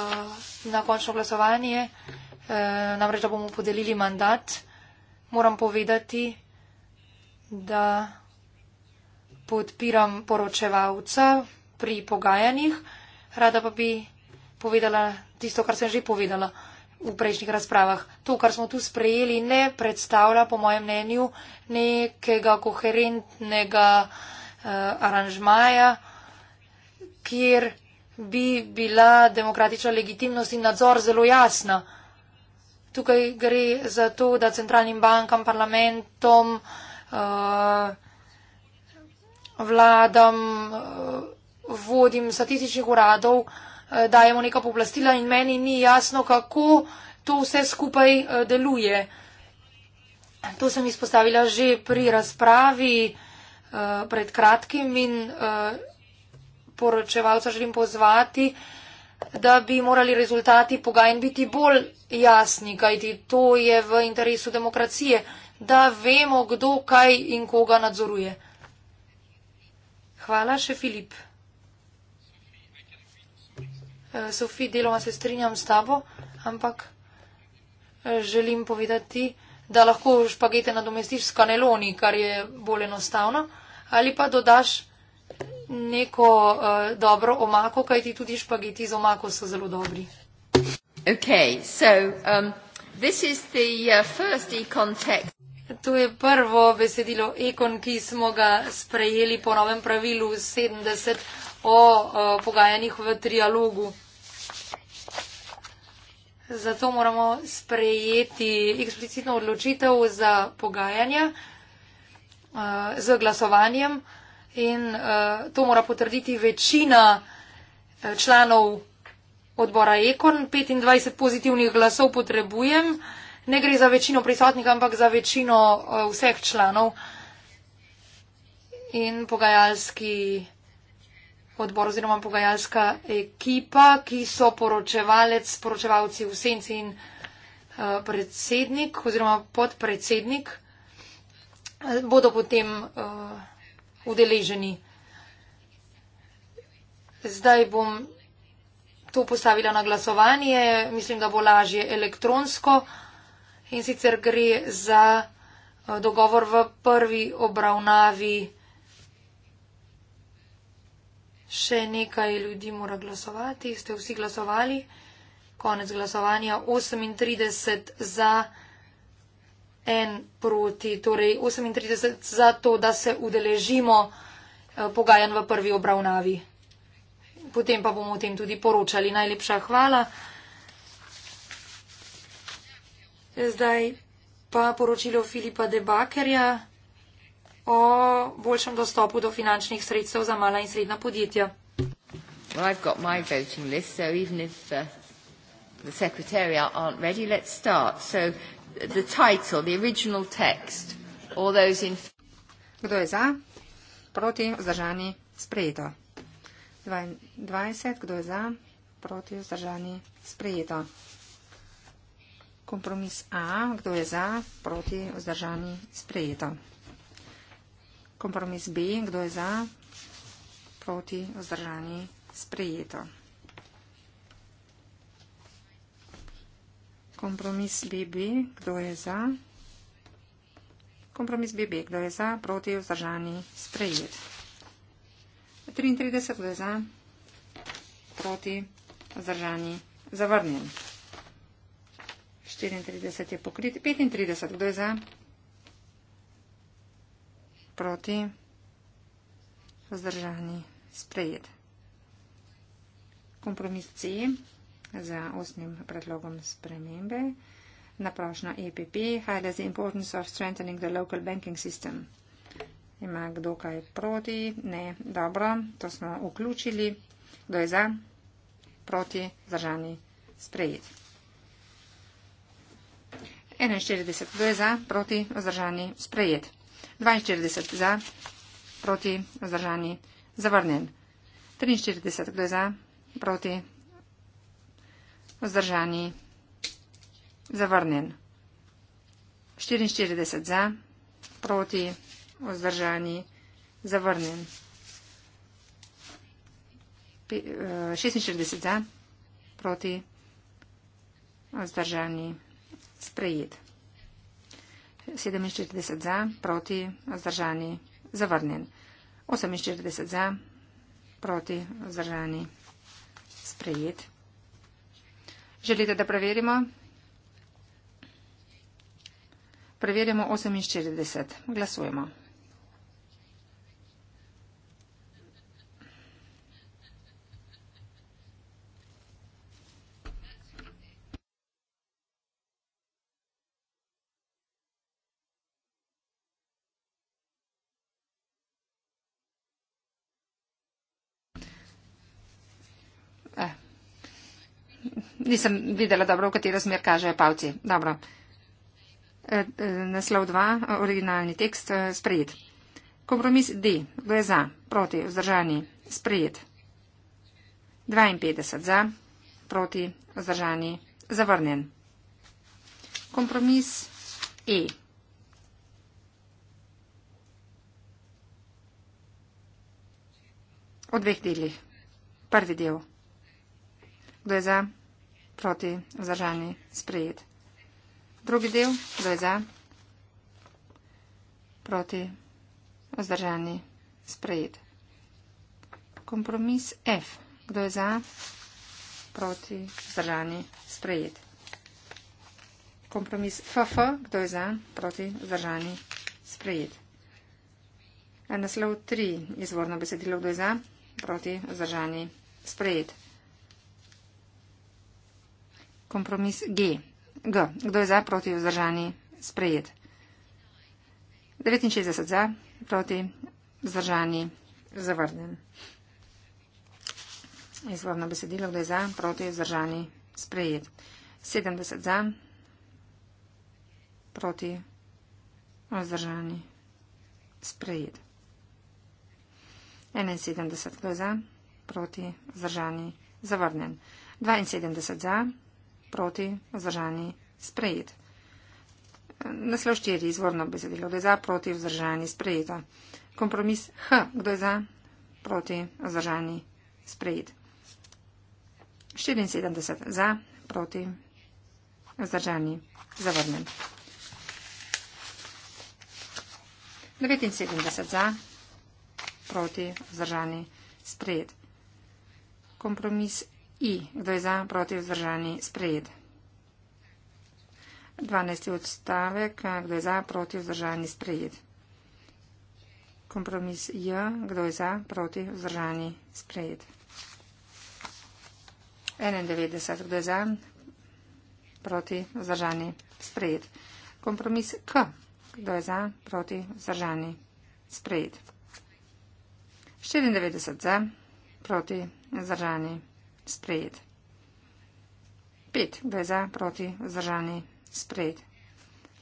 na končno glasovanje, uh, namreč, da bomo podelili mandat, moram povedati, da podpiram poročevalca pri pogajanjih, rada pa bi povedala tisto, kar sem že povedala. Uh, v prejšnjih razpravah. To, kar smo tu sprejeli, ne predstavlja, po mojem mnenju, nekega koherentnega eh, aranžmaja, kjer bi bila demokratična legitimnost in nadzor zelo jasna. Tukaj gre za to, da centralnim bankam, parlamentom, eh, vladam, eh, vodim statističnih uradov, eh, Eh, dajemo neka poblastila in meni ni jasno, kako to vse skupaj eh, deluje. To sem izpostavila že pri razpravi eh, pred kratkim in poročevalca želim pozvati, da bi morali rezultati pogajen biti bolj jasni, kajti to je v interesu demokracije, da vemo, kdo kaj in koga nadzoruje. Hvala še, Filip. Eh, Sofi, deloma se strinjam s tabo, ampak eh, želim povedati, da lahko špagete nadomestiš s kaneloni, kar je bolj enostavno, ali pa dodaš neko uh, dobro omako, kajti tudi špageti z omako so zelo dobri. Okay, so, um, this is the, uh, to je prvo besedilo ekon, ki smo ga sprejeli po novem pravilu 70 o uh, pogajanjih v trialogu. Zato moramo sprejeti eksplicitno odločitev za pogajanja eh, z glasovanjem in eh, to mora potrditi večina eh, članov odbora Ekon. 25 pozitivnih glasov potrebujem. Ne gre za večino prisotnih, ampak za večino vseh članov. In pogajalski odbor oziroma pogajalska ekipa, ki so poročevalec, poročevalci v senci in uh, predsednik oziroma podpredsednik, eh, bodo potem uh, udeleženi. Zdaj bom to postavila na glasovanje, mislim, da bo lažje elektronsko in sicer gre za uh, dogovor v prvi obravnavi še nekaj ljudi mora glasovati. Ste vsi glasovali? Konec glasovanja 38 za, en proti, torej 38 za to, da se udeležimo eh, pogajan v prvi obravnavi. Potem pa bomo o tem tudi poročali. Najlepša hvala. Zdaj pa poročilo Filipa Debakerja o boljšem dostopu do finančnih sredstev za mala in srednja podjetja. Well, uh, The secretariat aren't ready. Let's start. So, the title, the original text, all those in. Kdo je za? Proti vzdržani sprejeto. 22. Kdo je za? Proti vzdržani sprejeto. Kompromis A. Kdo je za? Proti vzdržani sprejeto kompromis B, kdo je za, proti, vzdržani, sprejeto. Kompromis BB, kdo je za, kompromis BB, kdo je za, proti, vzdržani, sprejet. 33, kdo je za, proti, vzdržani, zavrnjen. 34 je pokrit, 35, kdo je za, proti, vzdržani, sprejet. Kompromis C za osnim predlogom spremembe. Naprošnja EPP highlights the importance of strengthening the local banking system. Ima kdo kaj proti? Ne. Dobro, to smo vključili. Kdo je za? Proti, vzdržani, sprejet. 41. Kdo je za? Proti, vzdržani, sprejet. 42 za, proti, vzdržani, zavrnjen. 43 kdo je za, proti, vzdržani, zavrnjen. 44 za, proti, vzdržani, zavrnjen. 46 eh, za, proti, vzdržani, sprejet. 47 za, proti, zdržani, zavrnjen. 48 za, proti, zdržani, sprejet. Želite, da preverimo? Preverimo 48. Glasujemo. Nisem videla dobro, v katero smer kažejo pavci. Dobro. E, e, naslov 2, originalni tekst, e, sprejet. Kompromis D, kdo je za, proti, vzdržani, sprejet. 52 za, proti, vzdržani, zavrnen. Kompromis E. O dveh delih. Prvi del. Kdo je za? proti vzdržani sprejet. Drugi del, kdo je za, proti vzdržani sprejet. Kompromis F, kdo je za, proti vzdržani sprejet. Kompromis FF, kdo je za, proti vzdržani sprejet. Naslov 3, izvorno besedilo, kdo je za, proti vzdržani sprejet. Kompromis G. G. Kdo je za, proti, vzdržani, sprejet? 69 za, proti, vzdržani, zavrnjen. Izvorno besedilo, kdo je za, proti, vzdržani, sprejet. 70 za, proti, vzdržani, sprejet. 71 kdo je za, proti, vzdržani, zavrnjen. 72 za, proti, vzdržani, sprejet. Naslov štiri izvorno besedilo, kdo je za, proti, vzdržani, sprejeto. Kompromis H, kdo je za, proti, vzdržani, sprejet. 74 za, proti, vzdržani, zavrnjen. 79 za, proti, vzdržani, sprejet. Kompromis I. Kdo je za, proti, vzdržani, sprejet? 12. odstavek. Kdo je za, proti, vzdržani, sprejet? Kompromis J. Kdo je za, proti, vzdržani, sprejet? 91. Kdo je za, proti, vzdržani, sprejet? Kompromis K. Kdo je za, proti, vzdržani, sprejet? 94 za, proti, vzdržani, sprejet? sprejet. Pet, B za proti vzdržani sprejet.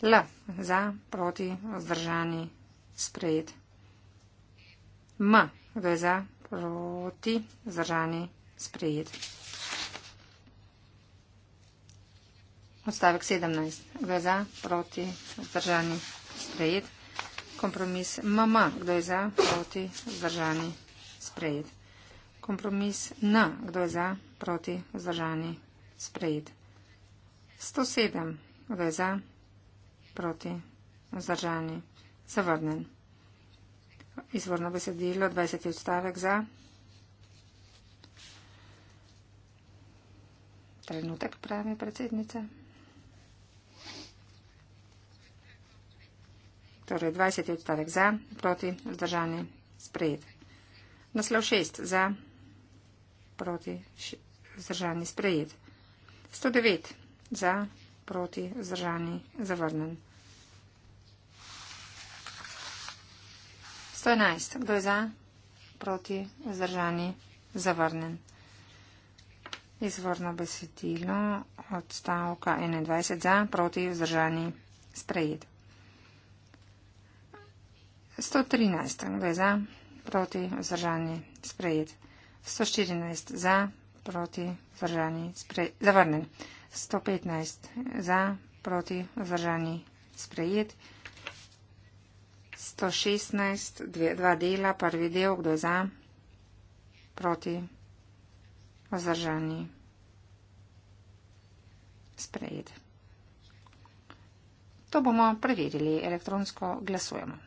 L za proti vzdržani sprejet. M, B za proti vzdržani sprejet. Odstavek 17. Kdo je za, proti, vzdržani, sprejet. Kompromis MM. Kdo je za, proti, vzdržani, sprejet kompromis N. Kdo je za, proti, vzdržani, sprejet. 107. Kdo je za, proti, vzdržani, zavrnen. Izvorno besedilo 20. odstavek za. Trenutek pravi predsednica. Torej 20. odstavek za, proti, vzdržani, sprejet. Naslov 6 za proti, vzdržani, sprejet. 109 za, proti, vzdržani, zavrnen. 111, kdo je za, proti, vzdržani, zavrnen. Izvorno besedilo odstavka 21 za, proti, vzdržani, sprejet. 113, kdo je za, proti, vzdržani, sprejet. 114. 114 za, proti vzdržani, zavrnen. 115 za, proti vzdržani, sprejet. 116, dve, dva dela, prvi del, kdo za, proti vzdržani, sprejet. To bomo preverili, elektronsko glasujemo.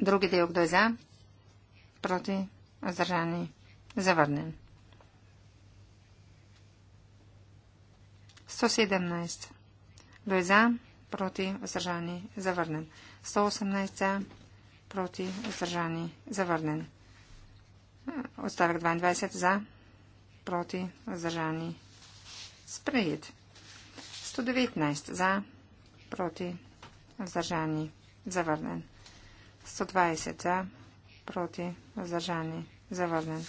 Drugi del, kdo je za? Proti? Zdržani? Zavrnen. 117. Kdo je za? Proti? Zdržani? Zavrnen. 118. Za. Proti? Zdržani? Zavrnen. Odstavek 22. Za? Proti? Zdržani? Sprejet. 119. Za? Proti? Zdržani? Zavrnen. 120 za, proti, vzdržani, zavrnen.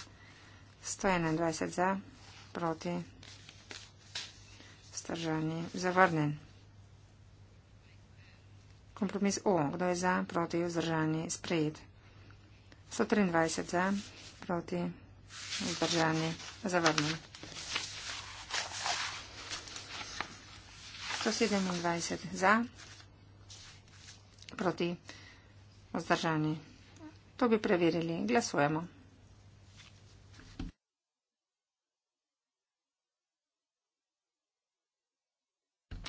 121 za, proti, vzdržani, zavrnen. Kompromis O. Kdo je za, proti, vzdržani, sprejet. 123 za, proti, vzdržani, zavrnen. 127 za, proti, vzdržani. Vzdržani. To bi preverili. Glasujemo.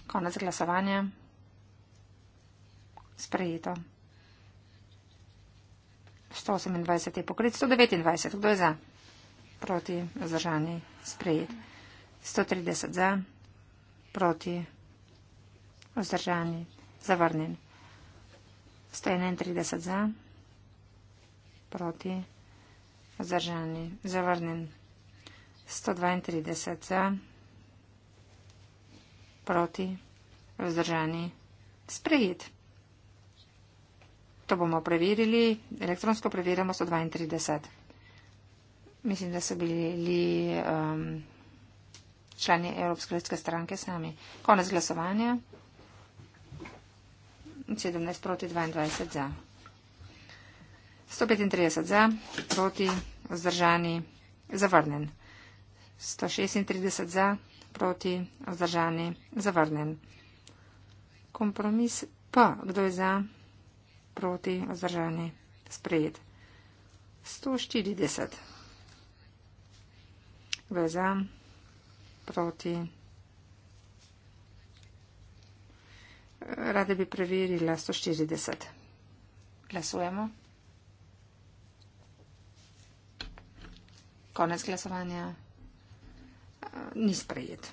Konec glasovanja. Sprejeto. 128 je pokrit, 129. Kdo je za? Proti. Vzdržani. Sprejet. 130 za. Proti. Vzdržani. Zavrnjen. 131 za, proti, zdržani, zavrnjen. 132 za, proti, vzdržani, sprejet. To bomo preverili, elektronsko preverjamo 132. Mislim, da so bili um, člani Evropske ljudske stranke sami. Konec glasovanja. 17 proti 22 za. 135 za, proti, vzdržani, zavrnen. 136 za, proti, vzdržani, zavrnen. Kompromis P. Kdo je za, proti, vzdržani, sprejet. 140. Kdo je za, proti, vzdržani. Rade bi preverila 140. Glasujemo. Konec glasovanja. Ni sprejet.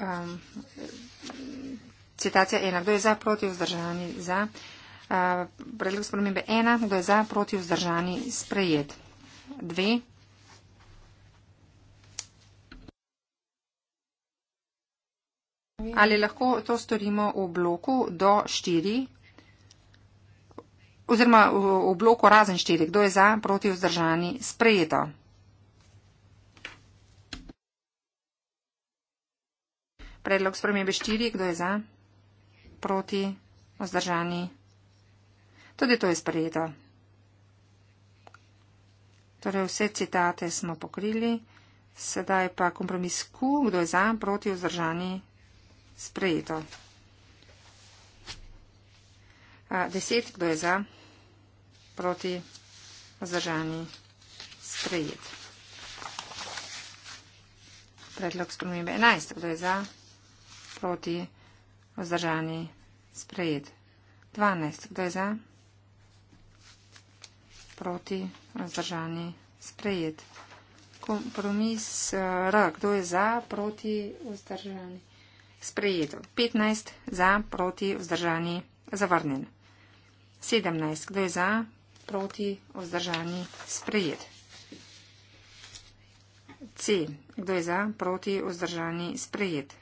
Um, citacija ena. Kdo je za, proti, vzdržani za? predlog spremembe ena, kdo je za, proti, vzdržani, sprejet. Dve. Ali lahko to storimo v bloku do štiri, oziroma v bloku razen štiri, kdo je za, proti, vzdržani, sprejeto. Predlog spremembe 4, kdo je za? Proti, vzdržani. Tudi to je sprejeto. Torej vse citate smo pokrili, sedaj pa kompromis Q, kdo je za, proti vzdržani, sprejeto. A, deset, kdo je za, proti vzdržani, sprejet. Predlog spremembe 11, kdo je za, proti vzdržani, sprejet. 12, kdo je za? proti, vzdržani, sprejet. Kompromis eh, R, kdo je za, proti, vzdržani, sprejet. 15, za, proti, vzdržani, zavrnen. 17, kdo je za, proti, vzdržani, sprejet. C, kdo je za, proti, vzdržani, sprejet.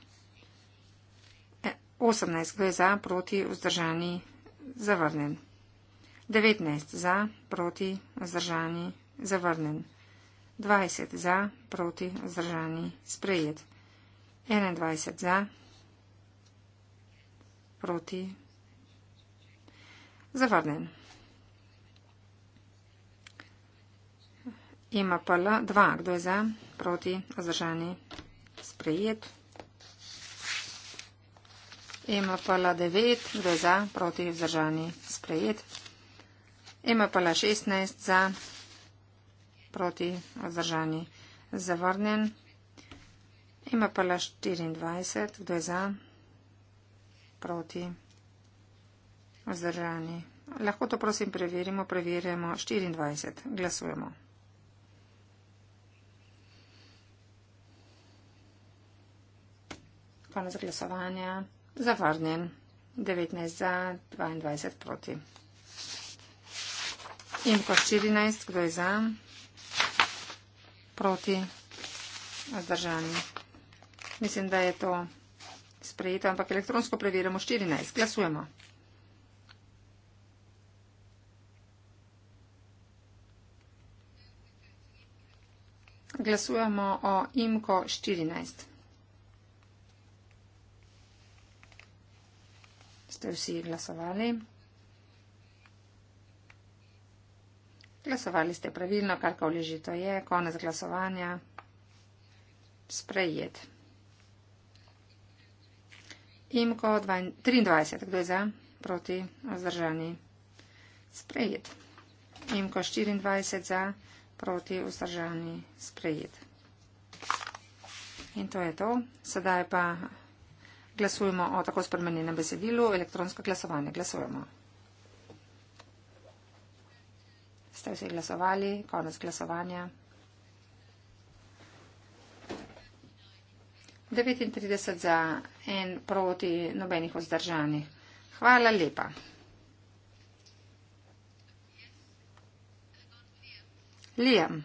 18, e, kdo je za, proti, vzdržani, zavrnen. 19 za, proti, vzdržani, zavrnen. 20 za, proti, vzdržani, sprejet. 21 za, proti, zavrnen. Ima pa la 2, kdo je za, proti, vzdržani, sprejet. Ima pa la 9, kdo je za, proti, vzdržani, sprejet. MPL 16 za proti vzdržani zavrnjen. MPL 24, kdo je za proti vzdržani. Lahko to prosim preverimo, preverjamo 24, glasujemo. Konec glasovanja, zavrnjen, 19 za, 22 proti in pa 14, kdo je za, proti, zdržani. Mislim, da je to sprejeto, ampak elektronsko preverjamo 14, glasujemo. Glasujemo o IMKO 14. Ste vsi glasovali? Glasovali ste pravilno, karkoli že to je, konec glasovanja. Sprejet. Imko 23. Kdo je za? Proti. Vzdržani. Sprejet. Imko 24. Za. Proti. Vzdržani. Sprejet. In to je to. Sedaj pa glasujemo o tako spremenjenem besedilu, elektronsko glasovanje. Glasujemo. Ste vsi glasovali? Konec glasovanja. 39 za en proti, nobenih vzdržanih. Hvala lepa. Liam.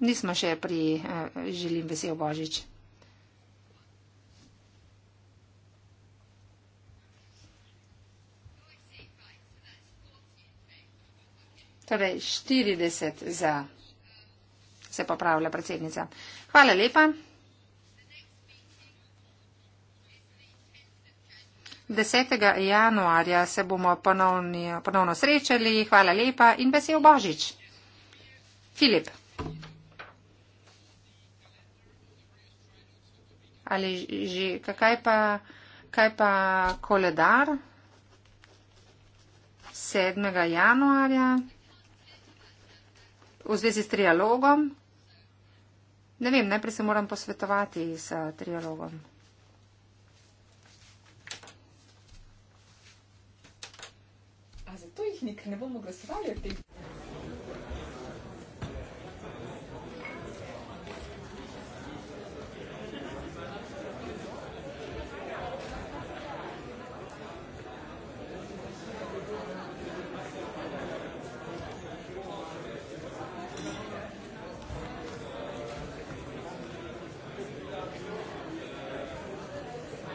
Nismo še pri uh, želim vesel božič. Torej 40 za. Se popravlja predsednica. Hvala lepa. Desetega januarja se bomo ponovni, ponovno srečali. Hvala lepa in vesel Božič. Filip. Ali že, kaj pa, kaj pa koledar? 7. januarja v zvezi s trialogom. Ne vem, najprej se moram posvetovati s trialogom. A zato jih nikoli ne bomo glasovali o tem.